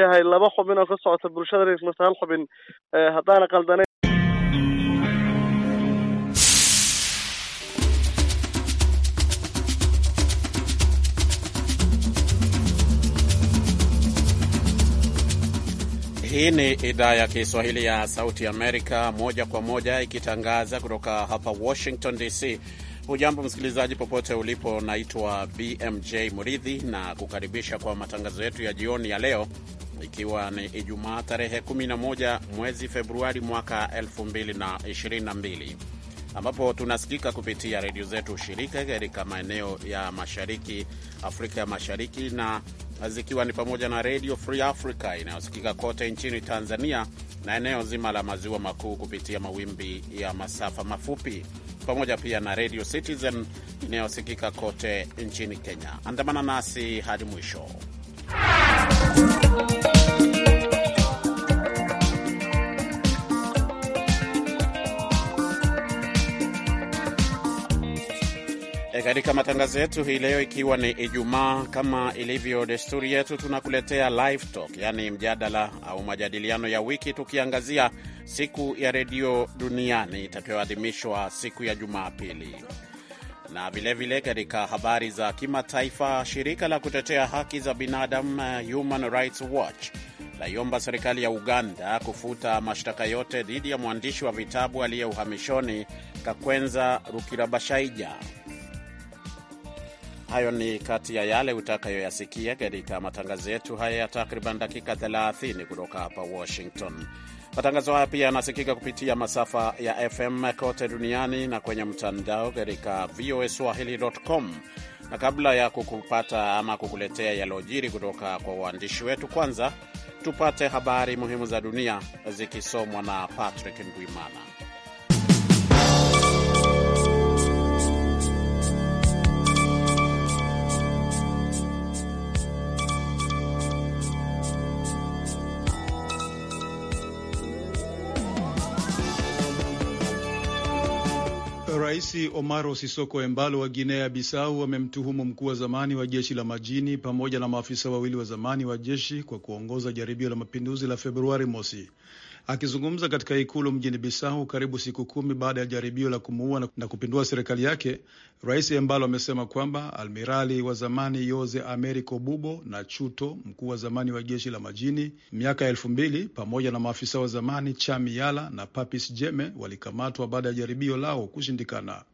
yahay laba xubin oo ka socota bulshada reermasa hal xubin eh, haddaana qaldanay Hii ni idhaa ya Kiswahili ya Sauti Amerika moja kwa moja ikitangaza kutoka hapa Washington DC. Hujambo msikilizaji popote ulipo, naitwa BMJ Muridhi na kukaribisha kwa matangazo yetu ya jioni ya leo, ikiwa ni Ijumaa tarehe 11 mwezi Februari mwaka 2022 ambapo tunasikika kupitia redio zetu shirika katika maeneo ya mashariki Afrika ya Mashariki na zikiwa ni pamoja na Radio Free Africa inayosikika kote nchini Tanzania na eneo zima la maziwa makuu kupitia mawimbi ya masafa mafupi, pamoja pia na Radio Citizen inayosikika kote nchini Kenya. Andamana nasi hadi mwisho E, katika matangazo yetu hii leo, ikiwa ni Ijumaa, kama ilivyo desturi yetu, tunakuletea live talk, yaani mjadala au majadiliano ya wiki, tukiangazia siku ya redio duniani itakayoadhimishwa siku ya Jumapili na vilevile katika habari za kimataifa, shirika la kutetea haki za binadamu eh, Human Rights Watch laiomba serikali ya Uganda kufuta mashtaka yote dhidi ya mwandishi wa vitabu aliye uhamishoni Kakwenza Rukirabashaija. Hayo ni kati ya yale utakayoyasikia katika matangazo yetu haya ya takriban dakika 30 kutoka hapa Washington. Matangazo haya pia yanasikika kupitia masafa ya FM kote duniani na kwenye mtandao katika swahili.com. Na kabla ya kukupata ama kukuletea yalojiri kutoka kwa uandishi wetu, kwanza tupate habari muhimu za dunia zikisomwa na Patrick Ndwimana. Rais Omaro Sisoko Embalo wa Guinea Bissau amemtuhumu mkuu wa zamani wa jeshi la majini pamoja na maafisa wawili wa zamani wa jeshi kwa kuongoza jaribio la mapinduzi la Februari mosi. Akizungumza katika ikulu mjini Bisau karibu siku kumi baada ya jaribio la kumuua na kupindua serikali yake, Rais Embalo amesema kwamba almirali wa zamani Yose Americo Bubo na Chuto, mkuu wa zamani wa jeshi la majini miaka ya elfu mbili, pamoja na maafisa wa zamani Chami Yala na Papis Jeme walikamatwa baada ya jaribio lao kushindikana.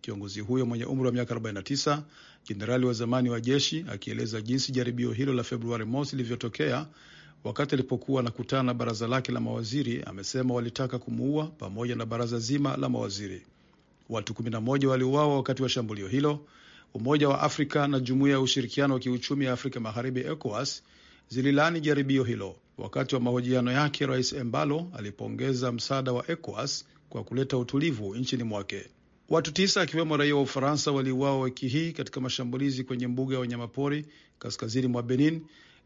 Kiongozi huyo mwenye umri wa miaka 49, jenerali wa zamani wa jeshi, akieleza jinsi jaribio hilo la Februari mosi lilivyotokea Wakati alipokuwa anakutana na baraza lake la mawaziri, amesema walitaka kumuua pamoja na baraza zima la mawaziri. Watu 11 waliuawa wakati wa shambulio hilo. Umoja wa Afrika na Jumuiya ya Ushirikiano wa Kiuchumi ya Afrika Magharibi, ECOWAS, zililani jaribio hilo. Wakati wa mahojiano yake, Rais Embalo alipongeza msaada wa ECOWAS kwa kuleta utulivu nchini mwake. Watu tisa akiwemo raia wa Ufaransa waliuawa wiki hii katika mashambulizi kwenye mbuga ya wanyamapori kaskazini mwa Benin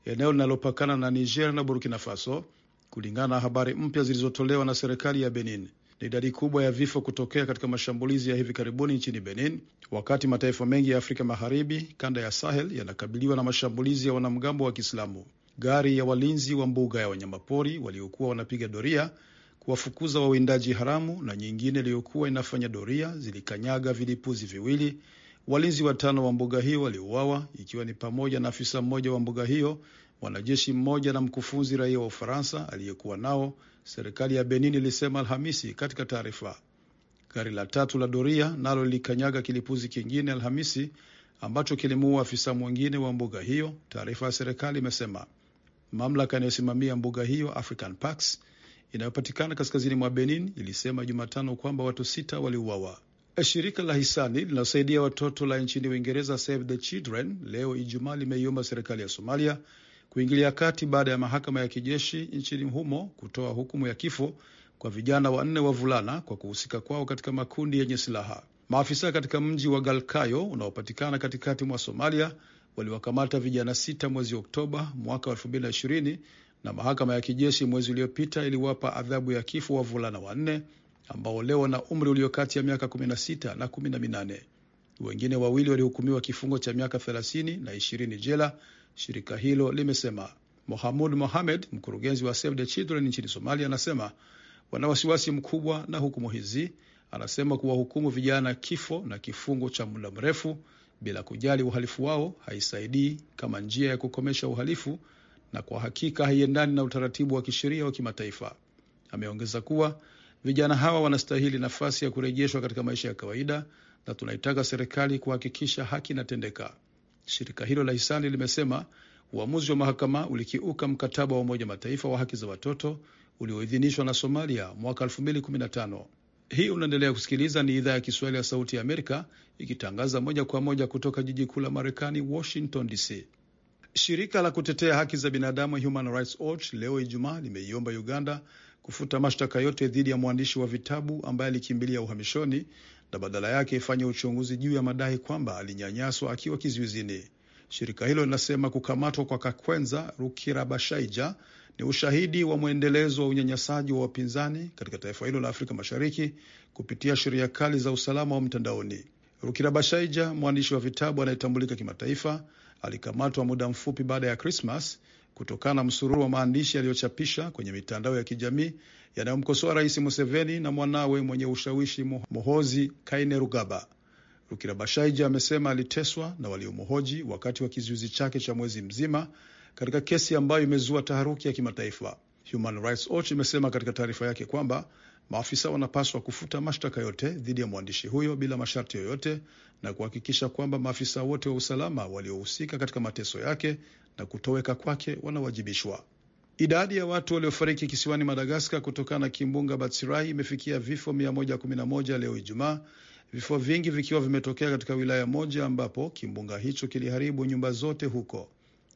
eneo linalopakana na Niger na Burkina Faso, kulingana na habari mpya zilizotolewa na serikali ya Benin. Ni idadi kubwa ya vifo kutokea katika mashambulizi ya hivi karibuni nchini Benin, wakati mataifa mengi ya Afrika Magharibi, kanda ya Sahel, yanakabiliwa na mashambulizi ya wanamgambo wa Kiislamu. Gari ya walinzi wa mbuga ya wanyamapori waliokuwa wanapiga doria kuwafukuza wawindaji haramu na nyingine iliyokuwa inafanya doria zilikanyaga vilipuzi viwili Walinzi watano wa mbuga hiyo waliuawa ikiwa ni pamoja na afisa mmoja wa mbuga hiyo, mwanajeshi mmoja na mkufunzi raia wa Ufaransa aliyekuwa nao, serikali ya Benin ilisema Alhamisi katika taarifa. Gari la tatu la doria nalo lilikanyaga kilipuzi kingine Alhamisi ambacho kilimuua afisa mwingine wa mbuga hiyo, taarifa ya serikali imesema. Mamlaka inayosimamia mbuga hiyo African Parks inayopatikana kaskazini mwa Benin ilisema Jumatano kwamba watu sita waliuawa. Shirika la hisani linasaidia watoto la nchini Uingereza Save the Children leo Ijumaa limeiomba serikali ya Somalia kuingilia kati baada ya mahakama ya kijeshi nchini humo kutoa hukumu ya kifo kwa vijana wanne wavulana kwa kuhusika kwao katika makundi yenye silaha. Maafisa katika mji wa Galkayo unaopatikana katikati mwa Somalia waliwakamata vijana sita mwezi Oktoba mwaka wa na na mahakama ya kijeshi mwezi uliopita iliwapa adhabu ya kifo wavulana wanne ambao leo wana umri ulio kati ya miaka 16 na 18. Wengine wawili walihukumiwa kifungo cha miaka 30 na 20 jela, shirika hilo limesema. Mohamud Mohamed, mkurugenzi wa Save the Children nchini Somalia, anasema wana wasiwasi mkubwa na hukumu hizi. Anasema kuwahukumu vijana kifo na kifungo cha muda mrefu bila kujali uhalifu wao haisaidii kama njia ya kukomesha uhalifu na kwa hakika haiendani na utaratibu wa kisheria wa kimataifa. Ameongeza kuwa Vijana hawa wanastahili nafasi ya kurejeshwa katika maisha ya kawaida, na tunaitaka serikali kuhakikisha haki inatendeka. Shirika hilo la hisani limesema uamuzi wa mahakama ulikiuka mkataba wa Umoja Mataifa wa haki za watoto ulioidhinishwa na Somalia mwaka 2015. Hii unaendelea kusikiliza, ni idhaa ya Kiswahili ya Sauti ya Amerika ikitangaza moja kwa moja kutoka jiji kuu la Marekani, Washington DC. Shirika la kutetea haki za binadamu Human Rights Watch leo Ijumaa limeiomba Uganda kufuta mashtaka yote dhidi ya mwandishi wa vitabu ambaye alikimbilia uhamishoni na badala yake ifanye uchunguzi juu ya madai kwamba alinyanyaswa akiwa kizuizini. Shirika hilo linasema kukamatwa kwa Kakwenza Rukirabashaija ni ushahidi wa mwendelezo wa unyanyasaji wa wapinzani katika taifa hilo la Afrika Mashariki kupitia sheria kali za usalama wa mtandaoni. Rukirabashaija, mwandishi wa vitabu anayetambulika kimataifa, alikamatwa muda mfupi baada ya Krismas kutokana na msururu wa maandishi yaliyochapisha kwenye mitandao ya kijamii yanayomkosoa Rais Museveni na mwanawe mwenye ushawishi Mohozi Kainerugaba. Rukirabashaija amesema aliteswa na waliomhoji wakati wa kizuizi chake cha mwezi mzima katika kesi ambayo imezua taharuki ya kimataifa. Human Rights Watch imesema katika taarifa yake kwamba maafisa wanapaswa kufuta mashtaka yote dhidi ya mwandishi huyo bila masharti yoyote na kuhakikisha kwamba maafisa wote wa usalama waliohusika katika mateso yake na kutoweka kwake wanawajibishwa. Idadi ya watu waliofariki kisiwani Madagaskar kutokana na kimbunga Batsirai imefikia vifo 111 leo Ijumaa, vifo vingi vikiwa vimetokea katika wilaya moja ambapo kimbunga hicho kiliharibu nyumba zote huko.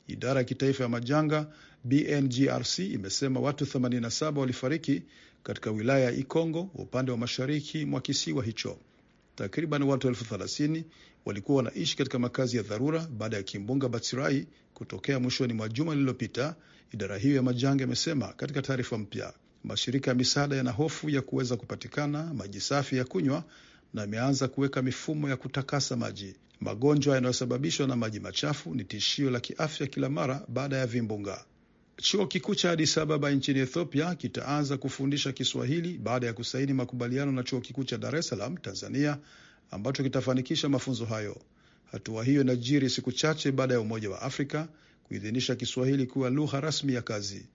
Idara ya kitaifa ya majanga BNGRC imesema watu 87 walifariki katika wilaya ya Ikongo upande wa mashariki mwa kisiwa hicho. Takriban watu elfu thelathini walikuwa wanaishi katika makazi ya dharura baada ya kimbunga Batsirai kutokea mwishoni mwa juma lililopita, idara hiyo ya majanga imesema katika taarifa mpya. Mashirika ya misaada yana hofu ya kuweza kupatikana maji safi ya kunywa na imeanza kuweka mifumo ya kutakasa maji. Magonjwa yanayosababishwa na maji machafu ni tishio la kiafya kila mara baada ya vimbunga. Chuo kikuu cha Addis Ababa nchini Ethiopia kitaanza kufundisha Kiswahili baada ya kusaini makubaliano na chuo kikuu cha Dar es Salaam, Tanzania, ambacho kitafanikisha mafunzo hayo. Hatua hiyo inajiri siku chache baada ya Umoja wa Afrika kuidhinisha Kiswahili kuwa lugha rasmi ya kazi.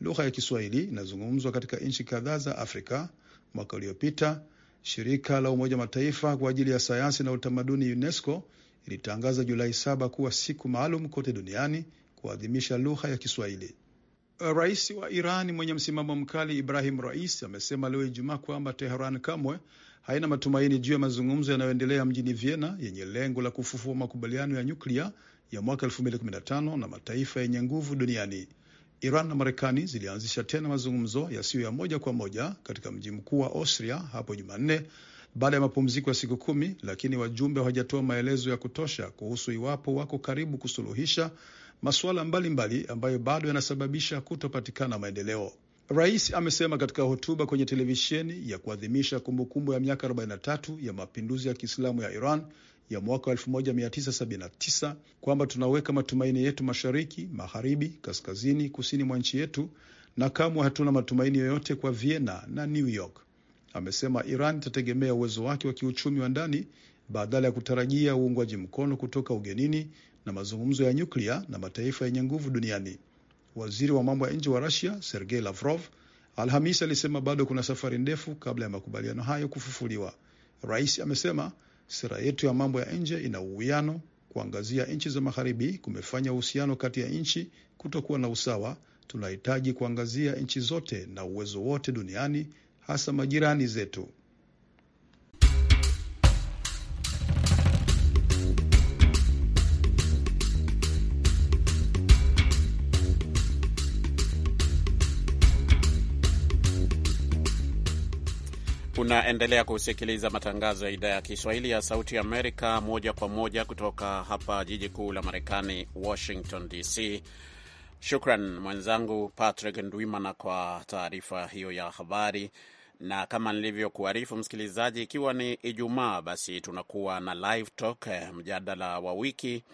Lugha ya Kiswahili inazungumzwa katika nchi kadhaa za Afrika. Mwaka uliopita shirika la Umoja Mataifa kwa ajili ya sayansi na utamaduni UNESCO ilitangaza Julai saba kuwa siku maalum kote duniani kuadhimisha lugha ya Kiswahili. Rais wa Iran mwenye msimamo mkali Ibrahim Rais amesema leo Ijumaa kwamba Teheran kamwe haina matumaini juu ya mazungumzo yanayoendelea mjini Vienna yenye lengo la kufufua makubaliano ya nyuklia ya mwaka 2015 na mataifa yenye nguvu duniani. Iran na Marekani zilianzisha tena mazungumzo yasiyo ya moja kwa moja katika mji mkuu wa Austria hapo Jumanne baada ya mapumziko ya siku kumi, lakini wajumbe hawajatoa maelezo ya kutosha kuhusu iwapo wako karibu kusuluhisha masuala mbalimbali ambayo bado yanasababisha kutopatikana maendeleo. Rais amesema katika hotuba kwenye televisheni ya kuadhimisha kumbukumbu ya miaka 43 ya mapinduzi ya Kiislamu ya Iran ya mwaka 1979 kwamba tunaweka matumaini yetu mashariki, magharibi, kaskazini, kusini mwa nchi yetu na kamwe hatuna matumaini yoyote kwa Vienna na New York. Amesema Iran itategemea uwezo wake wa kiuchumi wa ndani badala ya kutarajia uungwaji mkono kutoka ugenini na mazungumzo ya nyuklia na mataifa yenye nguvu duniani. Waziri wa mambo ya nje wa Russia Sergei Lavrov Alhamisi alisema bado kuna safari ndefu kabla ya makubaliano hayo kufufuliwa. Rais amesema sera yetu ya mambo ya nje ina uwiano. Kuangazia nchi za magharibi kumefanya uhusiano kati ya nchi kutokuwa na usawa. Tunahitaji kuangazia nchi zote na uwezo wote duniani, hasa majirani zetu. Unaendelea kusikiliza matangazo ya idhaa ya Kiswahili ya Sauti Amerika moja kwa moja kutoka hapa jiji kuu la Marekani, Washington DC. Shukran mwenzangu Patrick Ndwimana kwa taarifa hiyo ya habari. Na kama nilivyokuarifu msikilizaji, ikiwa ni Ijumaa, basi tunakuwa na live talk, eh, mjadala wa wiki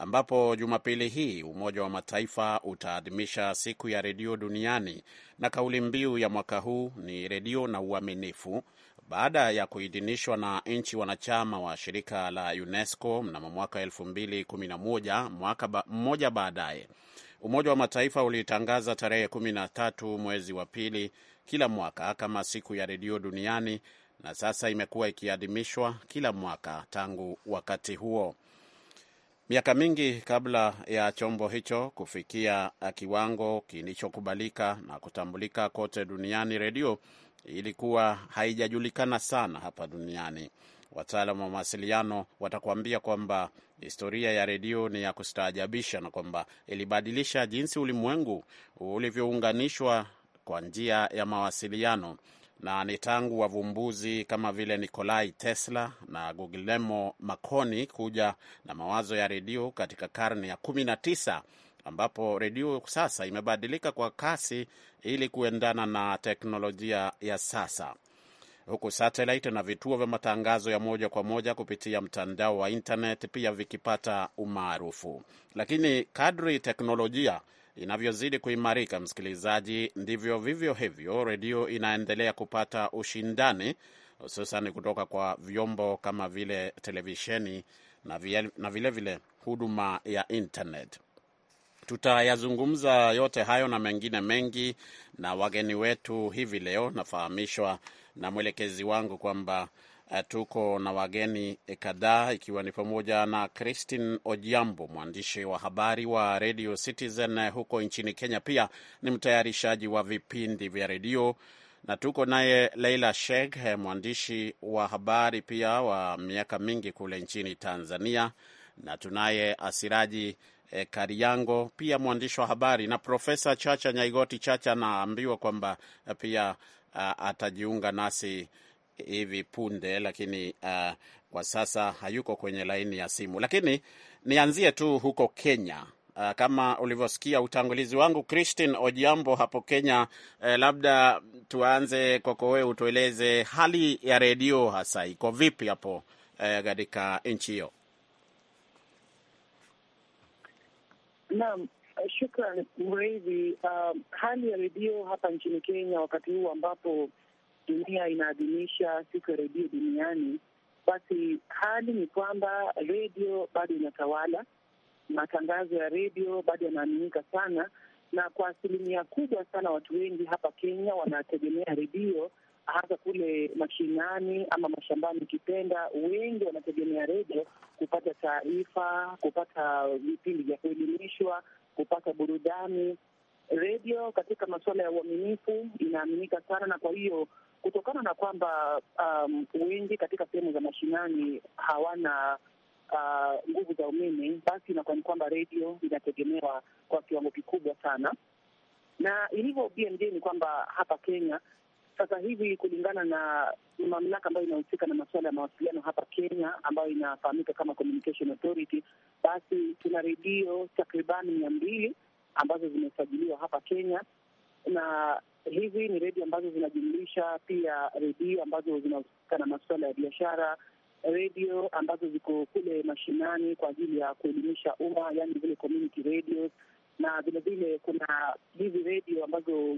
ambapo Jumapili hii Umoja wa Mataifa utaadhimisha siku ya redio duniani, na kauli mbiu ya mwaka huu ni redio na uaminifu, baada ya kuidhinishwa na nchi wanachama wa shirika la UNESCO mnamo mwaka 2011 mwaka ba, mmoja baadaye Umoja wa Mataifa ulitangaza tarehe 13 mwezi wa pili kila mwaka kama siku ya redio duniani, na sasa imekuwa ikiadhimishwa kila mwaka tangu wakati huo. Miaka mingi kabla ya chombo hicho kufikia kiwango kilichokubalika na kutambulika kote duniani, redio ilikuwa haijajulikana sana hapa duniani. wataalam wa mawasiliano watakuambia kwamba historia ya redio ni ya kustaajabisha na kwamba ilibadilisha jinsi ulimwengu ulivyounganishwa kwa njia ya mawasiliano na ni tangu wavumbuzi kama vile Nikolai Tesla na Guglielmo Marconi kuja na mawazo ya redio katika karne ya kumi na tisa ambapo redio sasa imebadilika kwa kasi ili kuendana na teknolojia ya sasa huku satellite na vituo vya matangazo ya moja kwa moja kupitia mtandao wa internet pia vikipata umaarufu. Lakini kadri teknolojia Inavyozidi kuimarika, msikilizaji, ndivyo vivyo hivyo redio inaendelea kupata ushindani, hususan kutoka kwa vyombo kama vile televisheni na vilevile vile huduma ya internet. Tutayazungumza yote hayo na mengine mengi na wageni wetu hivi leo. Nafahamishwa na mwelekezi wangu kwamba Eh, tuko na wageni eh, kadhaa ikiwa ni pamoja na Christine Ojiambo, mwandishi wa habari wa Radio Citizen eh, huko nchini Kenya, pia ni mtayarishaji wa vipindi vya redio, na tuko naye Leila Sheikh, mwandishi wa habari pia wa miaka mingi kule nchini Tanzania, na tunaye Asiraji E, Kariango pia mwandishi wa habari na Profesa Chacha Nyaigoti Chacha anaambiwa kwamba pia a, atajiunga nasi hivi punde, lakini uh, kwa sasa hayuko kwenye laini ya simu, lakini nianzie tu huko Kenya. Uh, kama ulivyosikia utangulizi wangu Christine Ojiambo hapo Kenya. Eh, labda tuanze kwako wewe, utueleze hali ya redio hasa iko vipi hapo uh, katika eh, nchi hiyo? Naam, shukran mrezi. Uh, hali ya redio hapa nchini Kenya wakati huu ambapo dunia inaadhimisha siku ya redio duniani, basi hali ni kwamba redio bado inatawala. Matangazo ya redio bado yanaaminika sana, na kwa asilimia kubwa sana watu wengi hapa Kenya wanategemea redio, hasa kule mashinani ama mashambani ukipenda, wengi wanategemea redio kupata taarifa, kupata vipindi vya kuelimishwa, kupata burudani redio katika masuala ya uaminifu inaaminika sana, na kwa hiyo kutokana na kwamba um, wengi katika sehemu za mashinani hawana uh, nguvu uh, za umeme, basi inakuwa ni kwamba redio inategemewa kwa kiwango kikubwa sana, na ilivyo BMJ ni kwamba hapa Kenya sasa hivi kulingana na mamlaka ambayo inahusika na masuala ya mawasiliano hapa Kenya ambayo inafahamika kama Communication Authority, basi tuna redio takribani mia mbili ambazo zimesajiliwa hapa Kenya, na hizi ni redio ambazo zinajumlisha pia redio ambazo zinahusika na masuala ya biashara, redio ambazo ziko kule mashinani kwa ajili ya kuelimisha umma, yani zile community na vilevile kuna hizi redio ambazo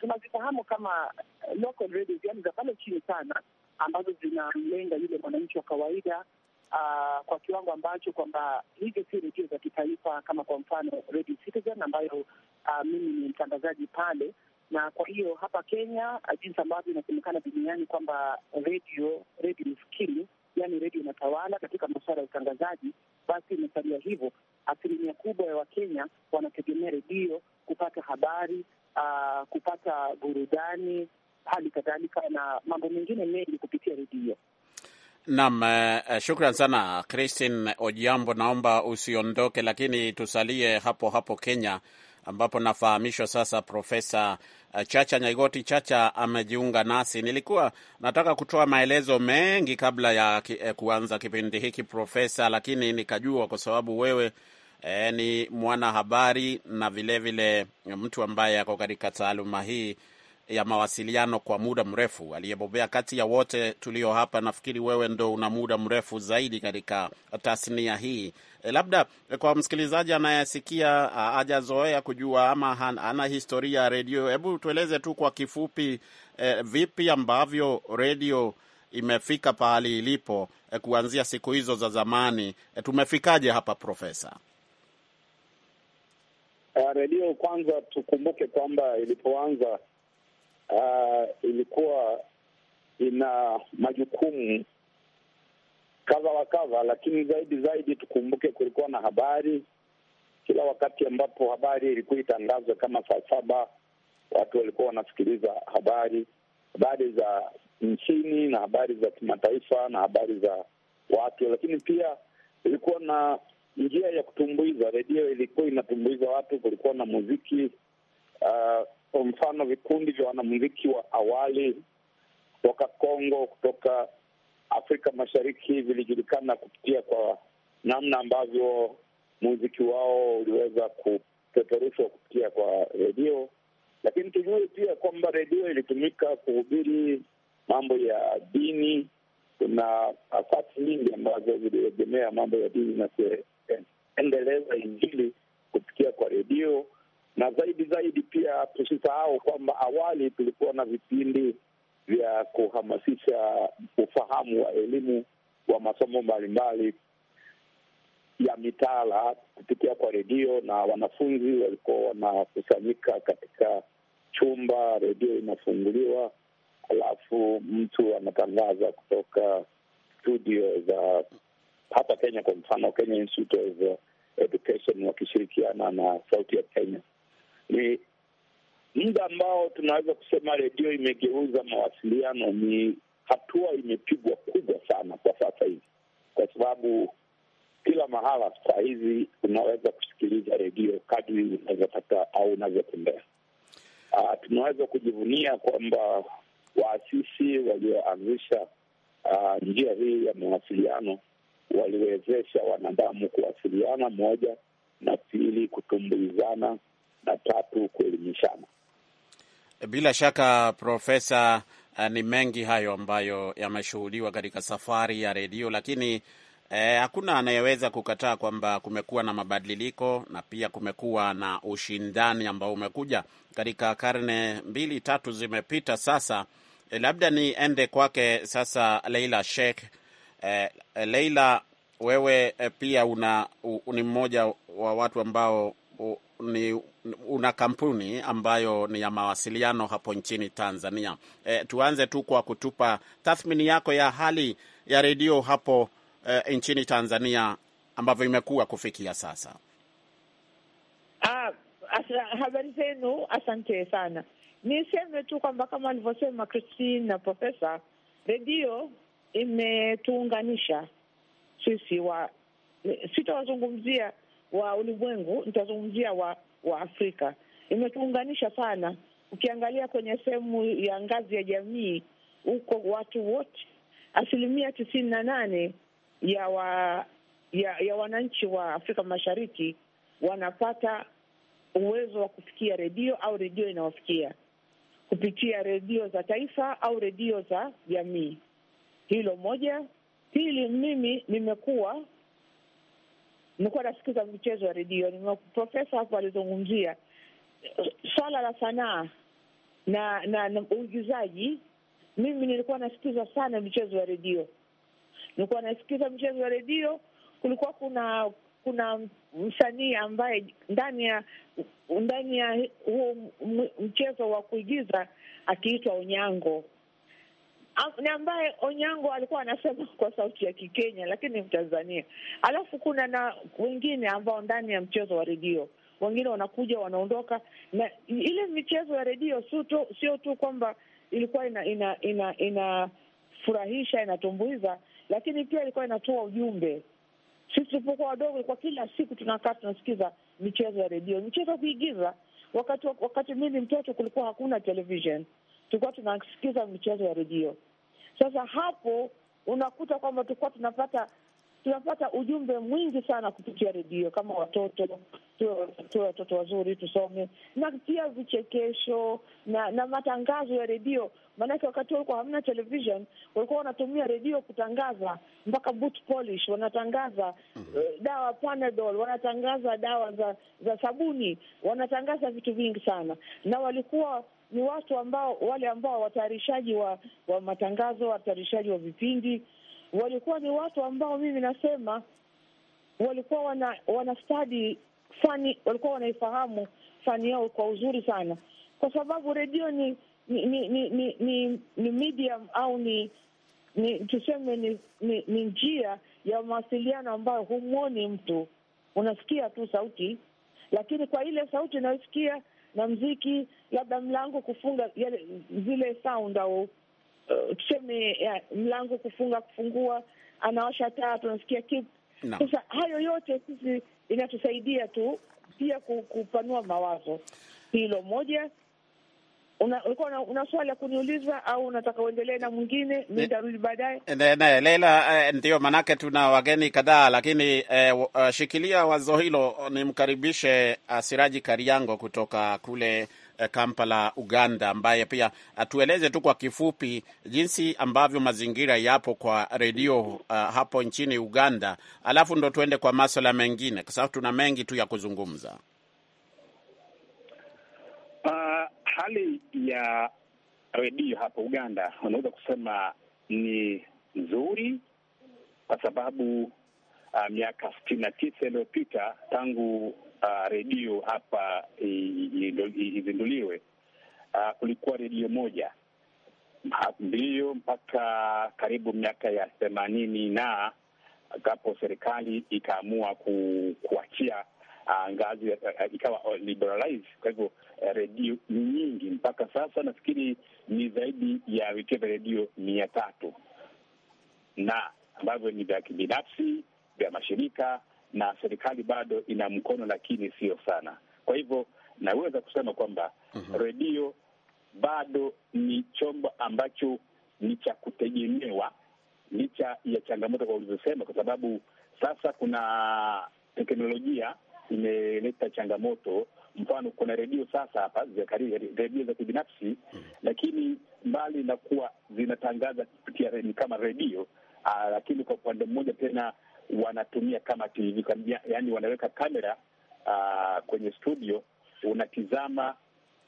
tunazifahamu kama local radios, yaani za pale chini sana ambazo zinamlenga yule mwananchi wa kawaida uh, kwa kiwango ambacho kwamba hizi si redio za kitaifa kama kwa mfano Radio Citizen ambayo uh, mimi ni mtangazaji pale, na kwa hiyo hapa Kenya uh, jinsi ambavyo inasemekana duniani kwamba redio redio ni skili, yani redio inatawala katika masuala ya utangazaji, basi imesalia hivyo. Asilimia kubwa ya Wakenya wanategemea redio kupata habari uh, kupata burudani, hali kadhalika na mambo mengine mengi kupitia redio. Naam, eh, eh, shukran sana Christine Ojiambo. Naomba usiondoke, lakini tusalie hapo hapo Kenya, ambapo nafahamishwa sasa Profesa eh, Chacha Nyaigoti Chacha amejiunga nasi. Nilikuwa nataka kutoa maelezo mengi kabla ya kuanza kipindi hiki Profesa, lakini nikajua kwa sababu wewe eh, ni mwanahabari na vilevile vile mtu ambaye ako katika taaluma hii ya mawasiliano kwa muda mrefu, aliyebobea kati ya wote tulio hapa. Nafikiri wewe ndo una muda mrefu zaidi katika tasnia hii. E, labda eh, kwa msikilizaji anayesikia ah, hajazoea kujua ama hana historia ya redio, hebu tueleze tu kwa kifupi, e, vipi ambavyo redio imefika pahali ilipo, e, kuanzia siku hizo za zamani, e, tumefikaje hapa Profesa? Ah, redio kwanza tukumbuke kwamba ilipoanza uh, ilikuwa ina majukumu kadha wa kadha, lakini zaidi zaidi tukumbuke kulikuwa na habari kila wakati ambapo habari ilikuwa itangazwa kama saa saba, watu walikuwa wanasikiliza habari, habari za nchini na habari za kimataifa na habari za watu. Lakini pia ilikuwa na njia ya kutumbuiza, redio ilikuwa inatumbuiza watu, kulikuwa na muziki uh, kwa mfano, vikundi vya wanamuziki wa awali kutoka Kongo, kutoka Afrika Mashariki vilijulikana kupitia kwa namna ambavyo muziki wao uliweza kupeperushwa kupitia kwa redio, lakini tujue pia kwamba redio ilitumika kuhubiri mambo ya dini. Kuna afasi nyingi ambazo ziliegemea mambo ya dini na kuendeleza Injili kupitia kwa redio na zaidi zaidi, pia tusisahau kwamba awali tulikuwa na vipindi vya kuhamasisha ufahamu wa elimu wa masomo mbalimbali ya mitaala kupitia kwa redio, na wanafunzi walikuwa wanakusanyika katika chumba, redio inafunguliwa, alafu mtu anatangaza kutoka studio za hapa Kenya. Kwa mfano, Kenya Institute of Education wakishirikiana na Sauti ya Kenya ni muda ambao tunaweza kusema redio imegeuza mawasiliano. Ni hatua imepigwa kubwa sana kwa sasa hivi, kwa sababu kila mahala saa hizi unaweza kusikiliza redio kadri unavyotaka au unavyotembea. Uh, tunaweza kujivunia kwamba waasisi walioanzisha uh, njia hii ya mawasiliano waliwezesha wanadamu kuwasiliana, moja na pili, kutumbuizana na tatu kuelimishana. Bila shaka Profesa, eh, ni mengi hayo ambayo yameshuhudiwa katika safari ya redio, lakini eh, hakuna anayeweza kukataa kwamba kumekuwa na mabadiliko na pia kumekuwa na ushindani ambao umekuja katika karne mbili tatu zimepita sasa. Eh, labda niende kwake sasa Leila Sheikh. Eh, Leila, wewe eh, pia una ni mmoja wa watu ambao ni una kampuni ambayo ni ya mawasiliano hapo nchini Tanzania. E, tuanze tu kwa kutupa tathmini yako ya hali ya redio hapo e, nchini Tanzania ambavyo imekuwa kufikia sasa. Ah, habari zenu, asante sana. Niseme tu kwamba kama alivyosema Christine na Profesa, redio imetuunganisha sisi wa, sitawazungumzia wa ulimwengu, nitazungumzia wa, wa Afrika, imetuunganisha sana. Ukiangalia kwenye sehemu ya ngazi ya jamii, huko watu wote asilimia tisini na nane ya wa ya, ya wananchi wa Afrika Mashariki wanapata uwezo wa kufikia redio au redio inawafikia kupitia redio za taifa au redio za jamii. Hilo moja. Pili, mimi nimekuwa nimekuwa nasikiza michezo ya redio, profesa hapo alizungumzia eh, swala la sanaa na na, na uigizaji. Mimi nilikuwa nasikiza sana michezo ya redio, nilikuwa nasikiza michezo ya redio. Kulikuwa kuna kuna msanii ambaye ndani ya ndani ya huo mchezo wa kuigiza akiitwa Onyango Ah, ni ambaye Onyango alikuwa anasema kwa sauti ya Kikenya, lakini Mtanzania. Alafu kuna na wengine ambao ndani ya mchezo wa redio wengine wanakuja wanaondoka, na ile michezo ya redio sio tu kwamba ilikuwa ina ina ina inafurahisha inatumbuiza, lakini pia ilikuwa inatoa ujumbe. Sisi tulipokuwa wadogo, kwa kila siku tunakaa tunasikiza michezo ya redio, michezo ya kuigiza. Wakati wakati mimi mtoto kulikuwa hakuna television, tulikuwa tunasikiza michezo ya redio. Sasa hapo unakuta kwamba tulikuwa tunapata tunapata ujumbe mwingi sana kupitia redio, kama watoto tuwe watoto wazuri, tusome, na pia vichekesho na na matangazo ya redio. Maanake wakati huo ulikuwa hamna television, walikuwa wanatumia redio kutangaza mpaka boot polish, wanatangaza mm -hmm. uh, dawa Panadol, wanatangaza dawa za za sabuni, wanatangaza vitu vingi sana, na walikuwa ni watu ambao wale ambao watayarishaji wa, wa matangazo, watayarishaji wa vipindi walikuwa ni watu ambao mimi nasema walikuwa wana, wana stadi fani, walikuwa wanaifahamu fani yao kwa uzuri sana, kwa sababu redio ni ni ni ni, ni, ni, ni medium au ni, ni tuseme ni, ni, ni njia ya mawasiliano ambayo humwoni mtu, unasikia tu sauti, lakini kwa ile sauti unayosikia na mziki, labda mlango kufunga yale zile sound au uh, tuseme ya, mlango kufunga kufungua, anawasha taa, tunasikia kick. Sasa hayo yote sisi inatusaidia tu pia kupanua mawazo, hilo moja una, una swali ya kuniuliza au unataka uendelee na mwingine? Mi nitarudi baadaye. Leila, eh, ndiyo maanake tuna wageni kadhaa, lakini eh, eh shikilia wazo hilo, nimkaribishe eh, Siraji Kariango kutoka kule eh, Kampala, Uganda, ambaye pia atueleze tu kwa kifupi jinsi ambavyo mazingira yapo kwa redio uh, hapo nchini Uganda, alafu ndo tuende kwa maswala mengine, kwa sababu tuna mengi tu ya kuzungumza. hali ya redio hapa Uganda unaweza kusema ni nzuri kwa sababu uh, miaka sitini na tisa iliyopita tangu uh, redio hapa izinduliwe, uh, kulikuwa redio moja ndiyo mpaka karibu miaka ya themanini na kapo serikali ikaamua ku, kuachia uh, ngazi uh, uh ikawa uh, liberalize. Kwa hivyo uh, redio nyingi mpaka sasa nafikiri ni zaidi ya vituo vya redio mia tatu na ambavyo ni vya kibinafsi, vya mashirika na serikali bado ina mkono, lakini sio sana. Kwa hivyo naweza kusema kwamba mm -hmm. redio bado ni chombo ambacho ni cha kutegemewa licha ya changamoto kwa ulizosema, kwa sababu sasa kuna teknolojia imeleta changamoto. Mfano, kuna redio sasa hapa za redio za kibinafsi mm -hmm. Lakini mbali na kuwa zinatangaza kupitia ni kama redio uh, lakini kwa upande mmoja tena wanatumia kama TV, yani wanaweka kamera uh, kwenye studio unatizama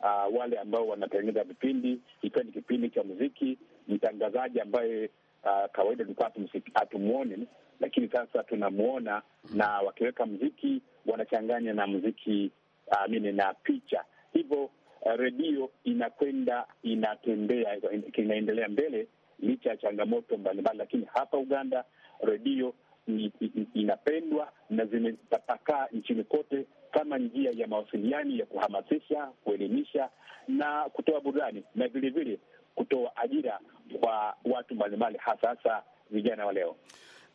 Uh, wale ambao wanatengeneza vipindi, ikiwa ni kipindi cha muziki, mtangazaji ambaye uh, kawaida tulikuwa hatumwone lakini sasa tunamwona, na wakiweka muziki wanachanganya na muziki uh, mine na picha hivyo, uh, redio inakwenda inatembea, inaendelea mbele licha ya changamoto mbalimbali, lakini hapa Uganda redio inapendwa na zimetapakaa nchini kote kama njia ya mawasiliani ya kuhamasisha, kuelimisha na kutoa burudani na vilevile kutoa ajira kwa watu mbalimbali, hasa hasa vijana wa leo.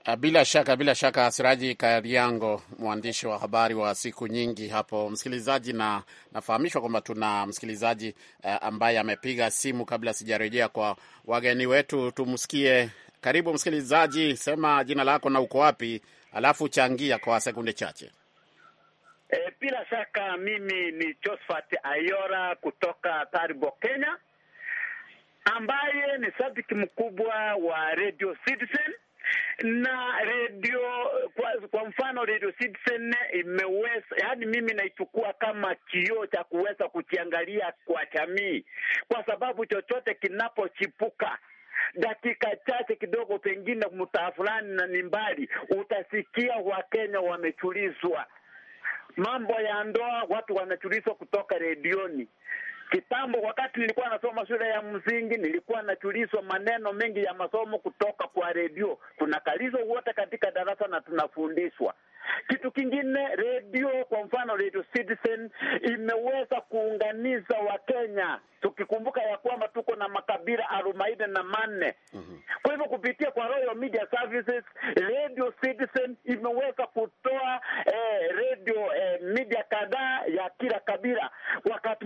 Ah, bila shaka bila shaka, Siraji Kariango, mwandishi wa habari wa siku nyingi hapo msikilizaji, na nafahamishwa kwamba tuna msikilizaji uh, ambaye amepiga simu kabla sijarejea kwa wageni wetu, tumsikie. Karibu msikilizaji, sema jina lako na uko wapi, alafu changia kwa sekunde chache. E, bila shaka mimi ni Josephat Ayora kutoka Taribo, Kenya, ambaye ni sabiki mkubwa wa Radio Citizen na redio kwa, kwa mfano redio Citizen imeweza, yaani mimi naichukua kama kioo cha kuweza kukiangalia kwa jamii, kwa sababu chochote kinapochipuka dakika chache kidogo, pengine mtaa fulani na ni mbali, utasikia Wakenya wamechulizwa mambo ya ndoa, watu wanachulizwa kutoka redioni. Kitambo wakati nilikuwa nasoma shule ya msingi, nilikuwa nachulizwa maneno mengi ya masomo kutoka kwa redio. Tunakalizwa wote katika darasa na tunafundishwa kitu kingine. Redio kwa mfano, Radio Citizen imeweza kuunganiza Wakenya, tukikumbuka ya kwamba tuko na makabila arobaini na manne. mm -hmm. Kwa hivyo kupitia kwa Royal Media Services, Radio Citizen imeweza kutoa eh,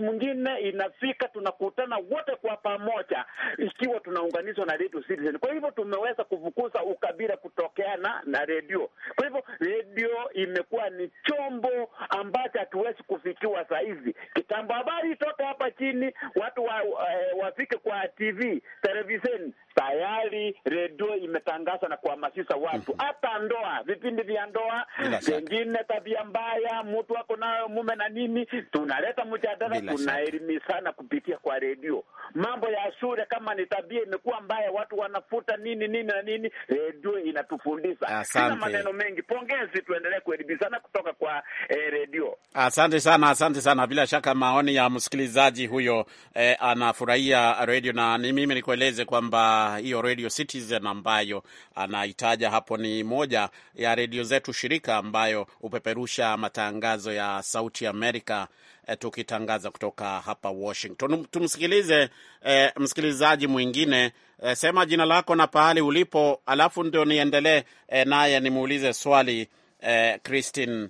wakati mwingine inafika tunakutana wote kwa pamoja, ikiwa tunaunganishwa na Radio Citizen. Kwa hivyo tumeweza kufukuza ukabila kutokeana na redio. Kwa hivyo redio imekuwa ni chombo ambacho hatuwezi kufikiwa saa hizi. Kitambo habari itoke hapa chini, watu wa, wa, eh, wafike kwa TV televisheni tayari redio imetangaza na kuhamasisha watu mhm. hata -hmm. ndoa, vipindi vya ndoa, pengine tabia mbaya mtu ako nayo mume na nini, tunaleta mjadala, tunaelimishana kupitia kwa redio. Mambo ya shule, kama ni tabia imekuwa mbaya, watu wanafuta nini nini na nini, redio inatufundisha. Sina maneno mengi, pongezi, tuendelee kuelimishana kutoka kwa eh, redio. Asante sana, asante sana. Bila shaka maoni ya msikilizaji huyo eh, anafurahia redio, na ni mimi nikueleze kwamba hiyo Radio Citizen ambayo anaitaja hapo ni moja ya redio zetu shirika ambayo hupeperusha matangazo ya Sauti Amerika eh, tukitangaza kutoka hapa Washington. Tumsikilize eh, msikilizaji mwingine eh, sema jina lako na pahali ulipo, alafu ndio niendelee eh, naye nimuulize swali eh, Christine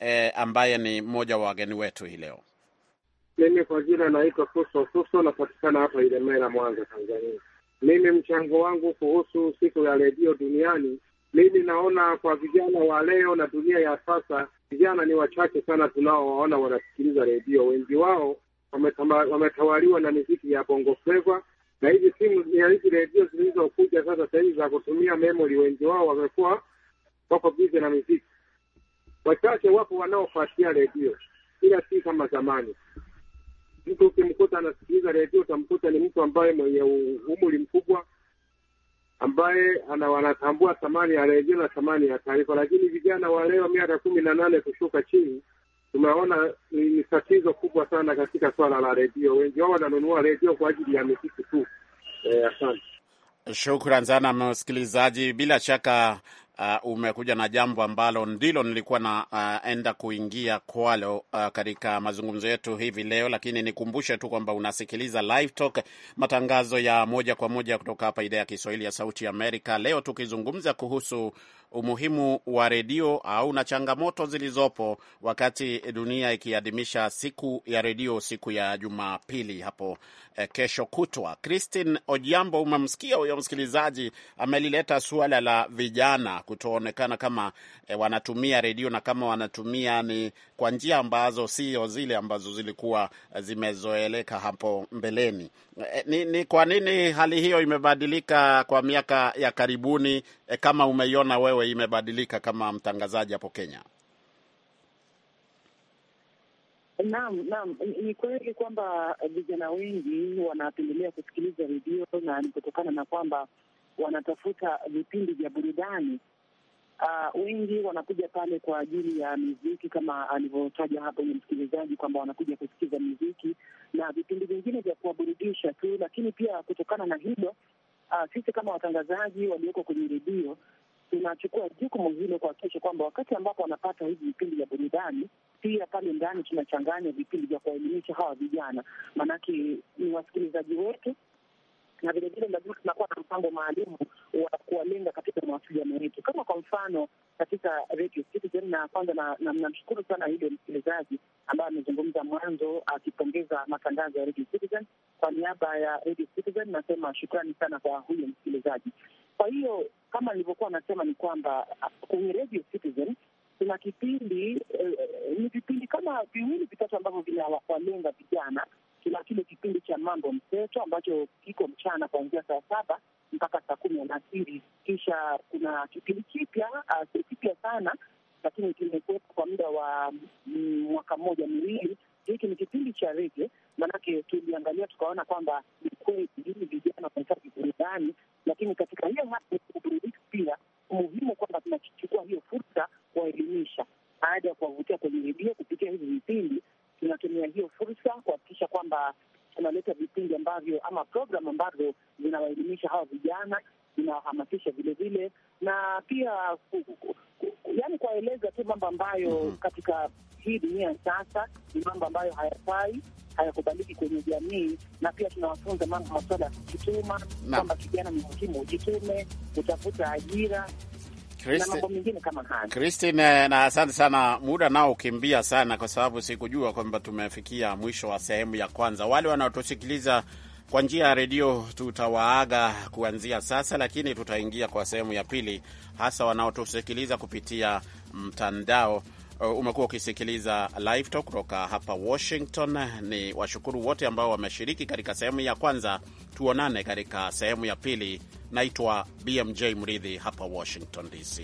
eh, ambaye ni mmoja wa wageni wetu hii leo. Mimi kwa jina naitwa Suso Suso, napatikana hapa Ilemela, Mwanza, Tanzania. Mimi mchango wangu kuhusu siku ya redio duniani, mimi naona kwa vijana wa leo na dunia ya sasa, vijana ni wachache sana tunaowaona wanasikiliza redio. Wengi wao wametawaliwa na miziki ya bongo fleva na hizi simu ya hizi redio zilizokuja sasa sahizi za kutumia memory, wengi wao wamekuwa wako bize na miziki. Wachache wapo wanaofuatia redio, ila si kama zamani. Mtu ukimkuta anasikiliza redio utamkuta ni mtu ambaye mwenye umri mkubwa ambaye wanatambua thamani ya redio na thamani ya taarifa. Lakini vijana wa leo miaka kumi na nane kushuka chini, tumeona ni tatizo kubwa sana katika swala la redio. Wengi wao wananunua redio kwa ajili ya misiki tu. Eh, asante. Shukran sana msikilizaji, bila shaka uh, umekuja na jambo ambalo ndilo nilikuwa naenda uh, kuingia kwalo uh, katika mazungumzo yetu hivi leo, lakini nikumbushe tu kwamba unasikiliza Live Talk, matangazo ya moja kwa moja kutoka hapa idhaa ya Kiswahili ya Sauti ya Amerika, leo tukizungumza kuhusu umuhimu wa redio au na changamoto zilizopo wakati dunia ikiadhimisha siku ya redio siku ya Jumapili hapo eh, kesho kutwa. Christine Ojiambo, umemsikia huyo msikilizaji, amelileta suala la vijana kutoonekana kama e, wanatumia redio na kama wanatumia ni kwa njia ambazo sio zile ambazo zilikuwa eh, zimezoeleka hapo mbeleni. E, ni, ni kwa nini hali hiyo imebadilika kwa miaka ya karibuni e, kama umeiona wewe imebadilika kama mtangazaji hapo Kenya? Naam, naam, ni kweli kwamba vijana wengi wanapendelea kusikiliza redio na ni kutokana na kwamba wanatafuta vipindi vya burudani. Uh, wengi wanakuja pale kwa ajili ya muziki kama alivyotaja hapo huyo msikilizaji kwamba wanakuja kusikiza muziki na vipindi vingine vya kuwaburudisha tu, lakini pia kutokana na hilo uh, sisi kama watangazaji walioko kwenye redio tunachukua jukumu hilo kuhakikisha kwamba wakati ambapo wanapata hivi vipindi vya burudani, pia pale ndani tunachanganya vipindi vya kuwaelimisha hawa vijana, maanake ni wasikilizaji wetu, na vilevile lazima tunakuwa na mpango maalum wa kuwalenga katika mawasiliano yetu, kama kwa mfano katika Radio Citizen. Na kwanza namshukuru na, na sana yule msikilizaji ambaye amezungumza mwanzo akipongeza matangazo ya Radio Citizen kwa niaba ya Radio Citizen nasema shukrani sana kwa huyo msikilizaji. Kwa hiyo kama nilivyokuwa nasema ni kwamba kwenye Radio Citizen tuna kipindi eh, ni vipindi kama viwili vitatu ambavyo vinawalenga vijana. Tuna kile kipindi cha mambo mseto ambacho kiko mchana kuanzia saa saba mpaka saa kumi alasiri. Kisha kuna kipindi kipya, ah, si kipya sana lakini kimekuwepo kwa muda wa mm, mwaka mmoja miwili. Hiki ni kipindi cha rege maanake tuliangalia tukaona kwamba ni kweli vijana wanahitaji burudani, lakini katika hiyo hali pia muhimu kwamba tunachukua hiyo fursa kuwaelimisha, baada ya kuwavutia kwenye redio kupitia hivi vipindi, tunatumia hiyo fursa kuhakikisha kwamba tunaleta vipindi ambavyo ama programu ambazo zinawaelimisha hawa vijana, zinawahamasisha vilevile na pia yani kuwaeleza tu mambo ambayo mm -hmm. katika hii dunia sasa ni mambo ambayo hayafai hayakubaliki kwenye jamii, na pia tunawafunza mambo masuala ya kujituma, kwamba kijana ni muhimu ujitume, utafuta ajira mambo mengine kama Christine, na asante sana, muda nao ukimbia sana, kwa sababu sikujua kwamba tumefikia mwisho wa sehemu ya kwanza. Wale wanaotusikiliza kwa njia ya redio tutawaaga kuanzia sasa, lakini tutaingia kwa sehemu ya pili, hasa wanaotusikiliza kupitia mtandao. Uh, umekuwa ukisikiliza Live Talk kutoka hapa Washington. Ni washukuru wote ambao wameshiriki katika sehemu ya kwanza. Tuonane katika sehemu ya pili. Naitwa BMJ Mridhi hapa Washington DC.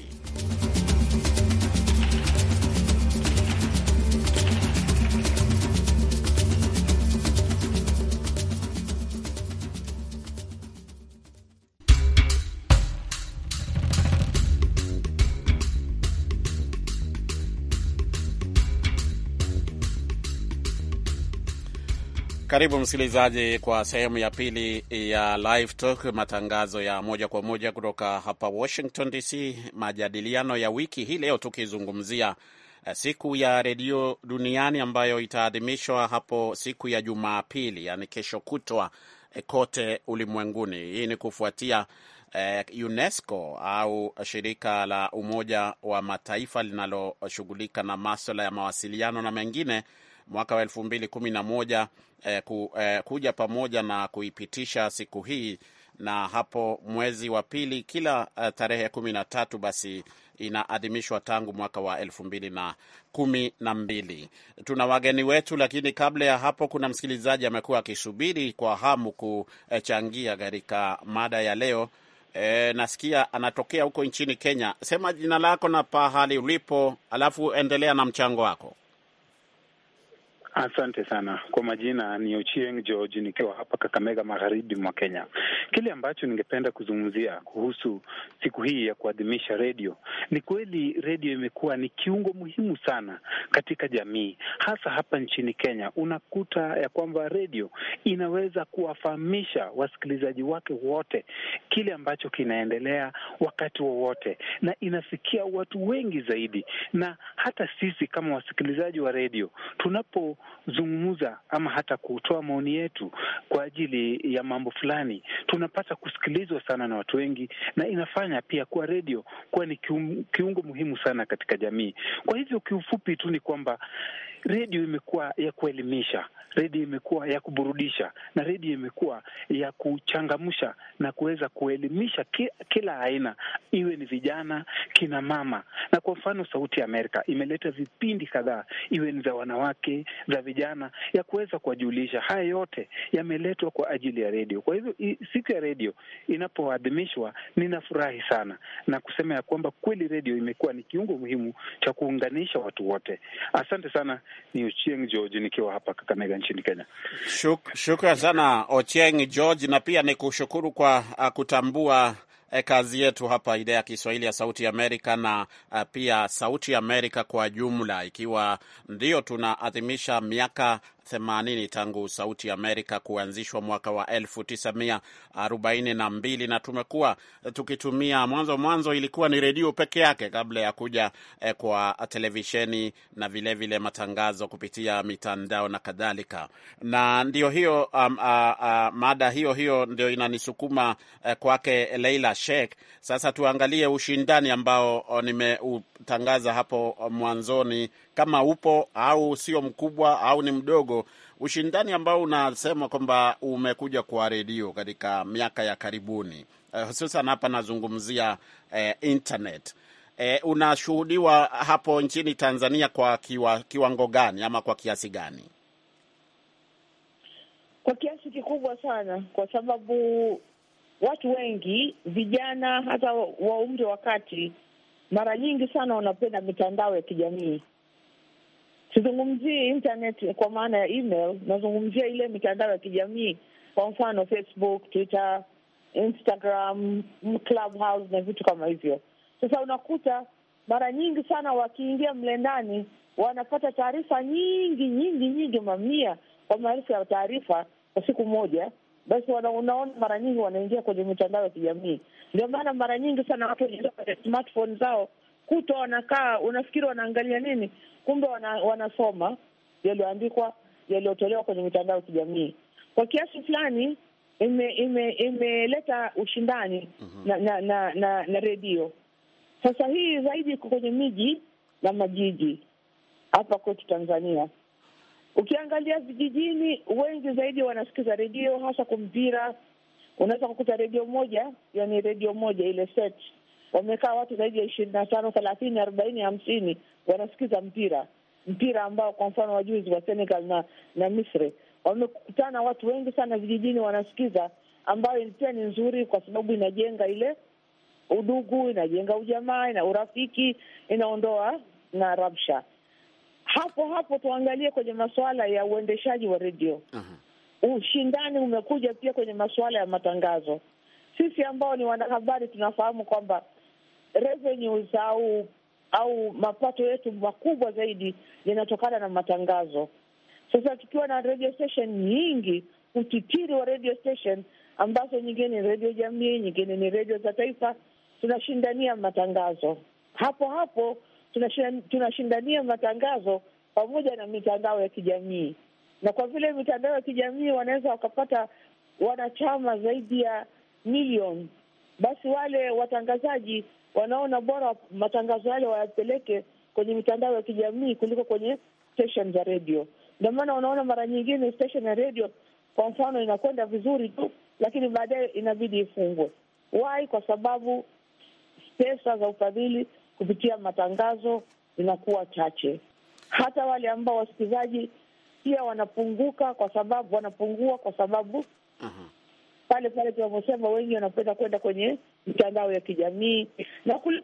Karibu msikilizaji kwa sehemu ya pili ya Live Talk, matangazo ya moja kwa moja kutoka hapa Washington DC, majadiliano ya wiki hii leo tukizungumzia eh, siku ya redio duniani ambayo itaadhimishwa hapo siku ya Jumapili, yani kesho kutwa, eh, kote ulimwenguni. Hii ni kufuatia eh, UNESCO au shirika la Umoja wa Mataifa linaloshughulika na maswala ya mawasiliano na mengine mwaka wa moja eh, ku, eh, kuja pamoja na kuipitisha siku hii na hapo mwezi wa pili kila uh, tarehe kumi na tatu basi inaadhimishwa tangu mwaka wa elfu mbili na kumi na mbili. Tuna wageni wetu, lakini kabla ya hapo, kuna msikilizaji amekuwa akisubiri kwa hamu kuchangia katika mada ya leo. E, nasikia anatokea huko nchini Kenya. Sema jina lako na pahali ulipo, alafu endelea na mchango wako. Asante sana kwa majina, ni Ochieng George nikiwa hapa Kakamega, magharibi mwa Kenya. Kile ambacho ningependa kuzungumzia kuhusu siku hii ya kuadhimisha redio, ni kweli redio imekuwa ni kiungo muhimu sana katika jamii, hasa hapa nchini Kenya. Unakuta ya kwamba redio inaweza kuwafahamisha wasikilizaji wake wote kile ambacho kinaendelea wakati wowote na inafikia watu wengi zaidi, na hata sisi kama wasikilizaji wa redio tunapo kuzungumza ama hata kutoa maoni yetu kwa ajili ya mambo fulani, tunapata kusikilizwa sana na watu wengi, na inafanya pia kuwa redio kuwa ni kiungo muhimu sana katika jamii. Kwa hivyo kiufupi tu ni kwamba redio imekuwa ya kuelimisha, redio imekuwa ya kuburudisha, na redio imekuwa ya kuchangamsha na kuweza kuelimisha kila aina, iwe ni vijana, kina mama. Na kwa mfano, Sauti ya Amerika imeleta vipindi kadhaa, iwe ni za wanawake za vijana ya kuweza kuwajulisha. Haya yote yameletwa kwa ajili ya redio. Kwa hivyo siku ya redio inapoadhimishwa, ninafurahi sana na kusema ya kwamba kweli redio imekuwa ni kiungo muhimu cha kuunganisha watu wote. Asante sana, ni Ochieng George nikiwa hapa Kakamega nchini Kenya. Shuk, shukran sana Ochieng George, na pia ni kushukuru kwa uh, kutambua Eh, kazi yetu hapa idhaa ya Kiswahili ya Sauti Amerika na eh, pia Sauti Amerika kwa jumla, ikiwa ndio tunaadhimisha miaka 80 tangu Sauti Amerika kuanzishwa mwaka wa 1942 na tumekuwa tukitumia mwanzo mwanzo ilikuwa ni redio peke yake kabla ya kuja eh, kwa televisheni na vilevile vile matangazo kupitia mitandao na kadhalika. Na ndio hiyo um, uh, uh, mada hiyo hiyo ndio inanisukuma eh, kwake Leila Sheikh. Sasa tuangalie ushindani ambao oh, nimeutangaza hapo mwanzoni kama upo au sio mkubwa au ni mdogo, ushindani ambao unasema kwamba umekuja kwa redio katika miaka ya karibuni eh, hususan hapa nazungumzia eh, internet eh, unashuhudiwa hapo nchini Tanzania kwa kiwa, kiwango gani ama kwa kiasi gani? Kwa kiasi kikubwa sana, kwa sababu watu wengi vijana, hata wa umri wa kati, mara nyingi sana wanapenda mitandao ya kijamii Sizungumzii internet kwa maana ya email, nazungumzia ile mitandao ya kijamii, kwa mfano Facebook, Twitter, Instagram, Clubhouse na vitu kama hivyo. Sasa unakuta mara nyingi sana wakiingia mle ndani wanapata taarifa nyingi nyingi nyingi, mamia kwa maelfu ya taarifa kwa siku moja. Basi unaona mara nyingi wanaingia kwenye mitandao ya kijamii. Ndio maana mara nyingi sana watu wanaingia kwenye smartphone zao, kuta wanakaa, unafikiri wanaangalia nini? kumbe wana, wanasoma yaliyoandikwa yaliyotolewa kwenye mitandao ya kijamii. Kwa kiasi fulani imeleta ime, ushindani mm -hmm. na, na, na, na, na redio sasa hii zaidi iko kwenye miji na majiji hapa kwetu Tanzania. Ukiangalia vijijini, wengi zaidi wanasikiza redio, hasa kwa mpira. Unaweza kukuta redio moja, yani redio moja ile set wamekaa watu zaidi ya ishirini na tano thelathini arobaini hamsini wanasikiza mpira mpira ambao kwa mfano wajuzi wa Senegal na na Misri wamekutana watu wengi sana vijijini, wanasikiza ambayo ilikuwa ni nzuri, kwa sababu inajenga ile udugu, inajenga ujamaa na urafiki, inaondoa na rabsha. Hapo hapo tuangalie kwenye masuala ya uendeshaji wa redio. Uh-huh. Ushindani umekuja pia kwenye masuala ya matangazo. Sisi ambao ni wanahabari tunafahamu kwamba revenues au au mapato yetu makubwa zaidi yanatokana na matangazo. Sasa tukiwa na radio station nyingi, utitiri wa radio station ambazo nyingine ni redio jamii, nyingine ni redio za taifa, tunashindania matangazo hapo hapo, tunashindania matangazo pamoja na mitandao ya kijamii. Na kwa vile mitandao ya kijamii wanaweza wakapata wanachama zaidi ya milioni, basi wale watangazaji wanaona bora matangazo yale wayapeleke kwenye mitandao ya kijamii kuliko kwenye station za redio. Ndio maana unaona mara nyingine station ya redio kwa mfano inakwenda vizuri tu, lakini baadaye inabidi ifungwe. Why? Kwa sababu pesa za ufadhili kupitia matangazo zinakuwa chache. Hata wale ambao wasikilizaji pia wanapunguka kwa sababu wanapungua kwa sababu uh mhm. -huh. Pale pale tunavyosema wengi wanapenda kwenda kwenye mitandao ya kijamii na kule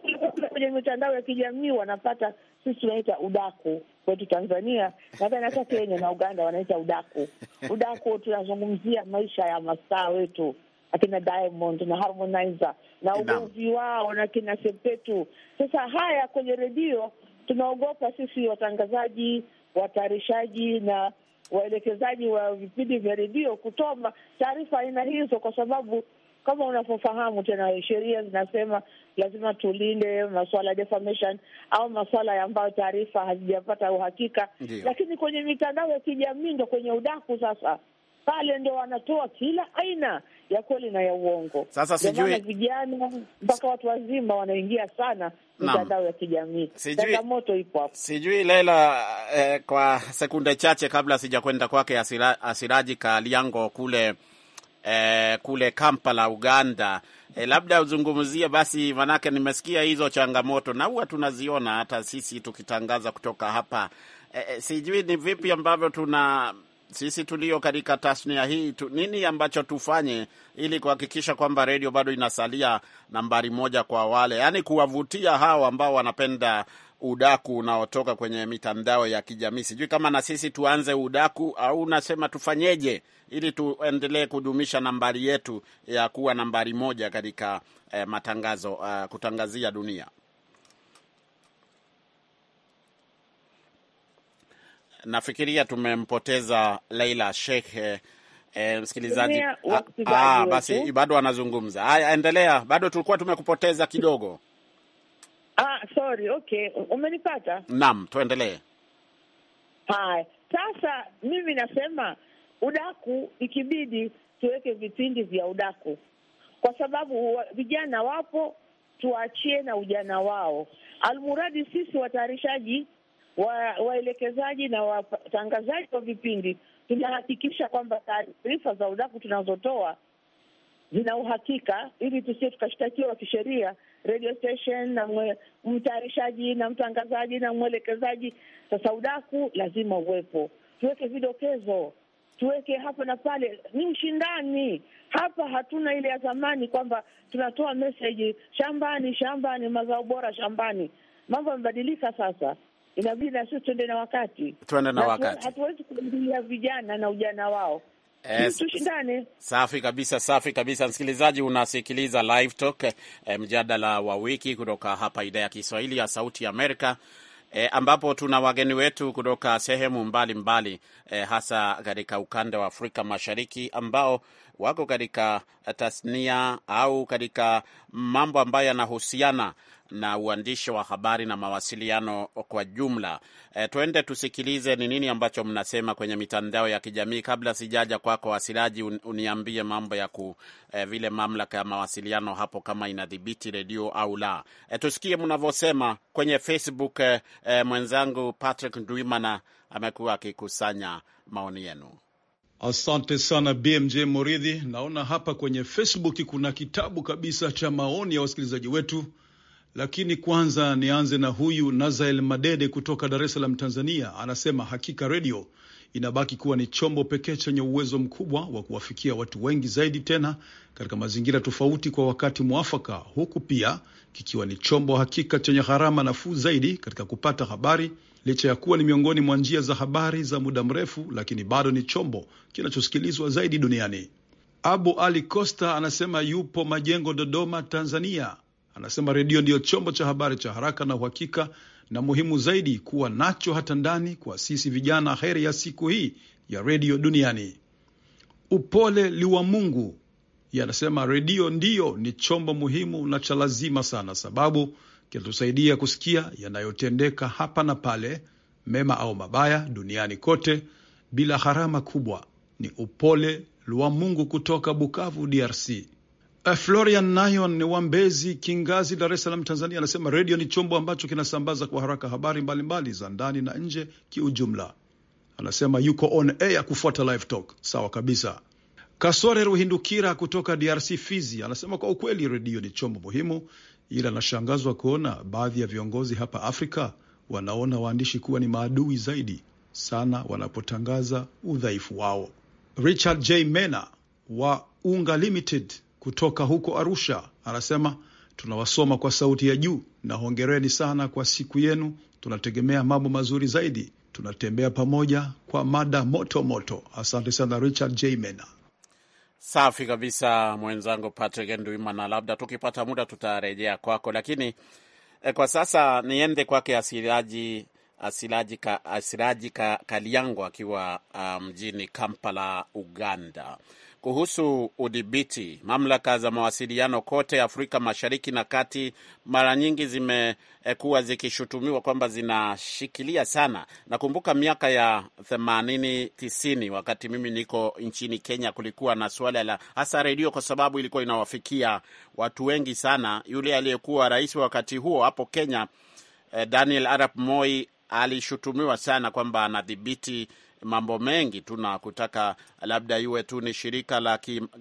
kwenye mitandao ya kijamii wanapata, sisi tunaita udaku kwetu Tanzania, nadhani hata Kenya na Uganda wanaita udaku. Udaku tunazungumzia maisha ya mastaa wetu akina Diamond na Harmonizer na ugomvi wao na kina Sepetu. Sasa haya kwenye redio tunaogopa sisi watangazaji, watayarishaji na waelekezaji wa vipindi vya redio kutoa taarifa aina hizo, kwa sababu kama unavyofahamu tena, sheria zinasema lazima tulinde masuala ya defamation au masuala ambayo taarifa hazijapata uhakika. Ndiyo. Lakini kwenye mitandao ya kijamii ndo kwenye udaku sasa pale ndo wanatoa kila aina ya kweli na ya uongo. Sasa sijui vijana mpaka watu wazima wanaingia sana mitandao ya kijamii, changamoto ipo hapo. Sijui lela eh, kwa sekunde chache kabla sijakwenda kwake Asiraji Kaliango kule eh, kule Kampala, Uganda. Eh, labda uzungumzie basi, manake nimesikia hizo changamoto na huwa tunaziona hata sisi tukitangaza kutoka hapa. Eh, eh sijui ni vipi ambavyo tuna sisi tulio katika tasnia hii tu, nini ambacho tufanye ili kuhakikisha kwamba redio bado inasalia nambari moja kwa wale, yaani kuwavutia hao ambao wanapenda udaku unaotoka kwenye mitandao ya kijamii. Sijui kama na sisi tuanze udaku au unasema tufanyeje ili tuendelee kudumisha nambari yetu ya kuwa nambari moja katika eh, matangazo uh, kutangazia dunia. Nafikiria tumempoteza Leila Sheikh eh, eh, msikilizaji. Ah, ah basi bado anazungumza. Haya, endelea, bado tulikuwa tumekupoteza kidogo. Ah, sorry, okay, umenipata? Naam, tuendelee. Haya, sasa mimi nasema udaku, ikibidi tuweke vipindi vya udaku, kwa sababu vijana wapo, tuachie na ujana wao, almuradi sisi watayarishaji wa, waelekezaji na watangazaji wa vipindi tunahakikisha kwamba taarifa za udaku tunazotoa zina uhakika, ili tusie tukashtakiwa kisheria, radio station na mtayarishaji na mtangazaji na mwelekezaji. Sasa udaku lazima uwepo, tuweke vidokezo tuweke hapa na pale, ni ushindani. Hapa hatuna ile ya zamani kwamba tunatoa meseji shambani, shambani, mazao bora shambani. Mambo yamebadilika sasa, inabidi na sisi tuende na wakati, tuende na wakati. Hatuwezi kuingilia vijana na ujana wao. Yes. Eh, safi kabisa, safi kabisa. Msikilizaji, unasikiliza Live Talk, eh, mjadala wa wiki kutoka hapa idhaa ya Kiswahili ya Sauti ya Amerika e, ambapo tuna wageni wetu kutoka sehemu mbalimbali mbali, eh, e, hasa katika ukanda wa Afrika Mashariki ambao wako katika tasnia au katika mambo ambayo yanahusiana na uandishi wa habari na mawasiliano kwa jumla. E, twende tusikilize ni nini ambacho mnasema kwenye mitandao ya kijamii. Kabla sijaja kwako kwa Wasilaji, uniambie mambo ya ku e, vile mamlaka ya mawasiliano hapo kama inadhibiti redio au la. E, tusikie mnavyosema kwenye Facebook. E, mwenzangu Patrick Ndwimana amekuwa akikusanya maoni yenu. Asante sana BMJ Moridhi. Naona hapa kwenye Facebook kuna kitabu kabisa cha maoni ya wasikilizaji wetu lakini kwanza nianze na huyu Nazael Madede kutoka Dar es Salaam, Tanzania. Anasema hakika redio inabaki kuwa ni chombo pekee chenye uwezo mkubwa wa kuwafikia watu wengi zaidi, tena katika mazingira tofauti kwa wakati mwafaka, huku pia kikiwa ni chombo hakika chenye gharama nafuu zaidi katika kupata habari, licha ya kuwa ni miongoni mwa njia za habari za muda mrefu, lakini bado ni chombo kinachosikilizwa zaidi duniani. Abu Ali Costa anasema yupo Majengo, Dodoma, Tanzania. Anasema redio ndiyo chombo cha habari cha haraka na uhakika na muhimu zaidi kuwa nacho hata ndani kwa sisi vijana. Heri ya siku hii ya redio duniani. Upole liwa Mungu yanasema redio ndiyo ni chombo muhimu na cha lazima sana, sababu kinatusaidia kusikia yanayotendeka hapa na pale, mema au mabaya, duniani kote bila gharama kubwa. Ni upole lwa Mungu kutoka Bukavu, DRC. Eh, Florian Nayon wa Mbezi Kingazi, Dar es Salaam, Tanzania, anasema redio ni chombo ambacho kinasambaza kwa haraka habari mbalimbali za ndani na nje kiujumla. Anasema yuko on air kufuata live talk. Sawa kabisa. Kasore Ruhindukira kutoka DRC Fizi anasema kwa ukweli redio ni chombo muhimu, ila anashangazwa kuona baadhi ya viongozi hapa Afrika wanaona waandishi kuwa ni maadui zaidi sana wanapotangaza udhaifu wao. Richard J Mena wa Unga Limited kutoka huko Arusha anasema tunawasoma kwa sauti ya juu na hongereni sana kwa siku yenu. Tunategemea mambo mazuri zaidi. Tunatembea pamoja kwa mada moto moto. Asante sana Richard J. Mena. Safi kabisa mwenzangu Patrick Nduimana, labda tukipata muda tutarejea kwako, lakini eh, kwa sasa niende kwake Asiraji Asiraji, ka, Asiraji ka, Kaliango akiwa ah, mjini um, Kampala, Uganda kuhusu udhibiti. Mamlaka za mawasiliano kote Afrika Mashariki na Kati mara nyingi zimekuwa zikishutumiwa kwamba zinashikilia sana. Nakumbuka miaka ya themanini tisini, wakati mimi niko nchini Kenya, kulikuwa na suala la hasa redio, kwa sababu ilikuwa inawafikia watu wengi sana. Yule aliyekuwa rais wa wakati huo hapo Kenya, eh, Daniel Arap Moi alishutumiwa sana kwamba anadhibiti mambo mengi tu na kutaka labda iwe tu ni shirika la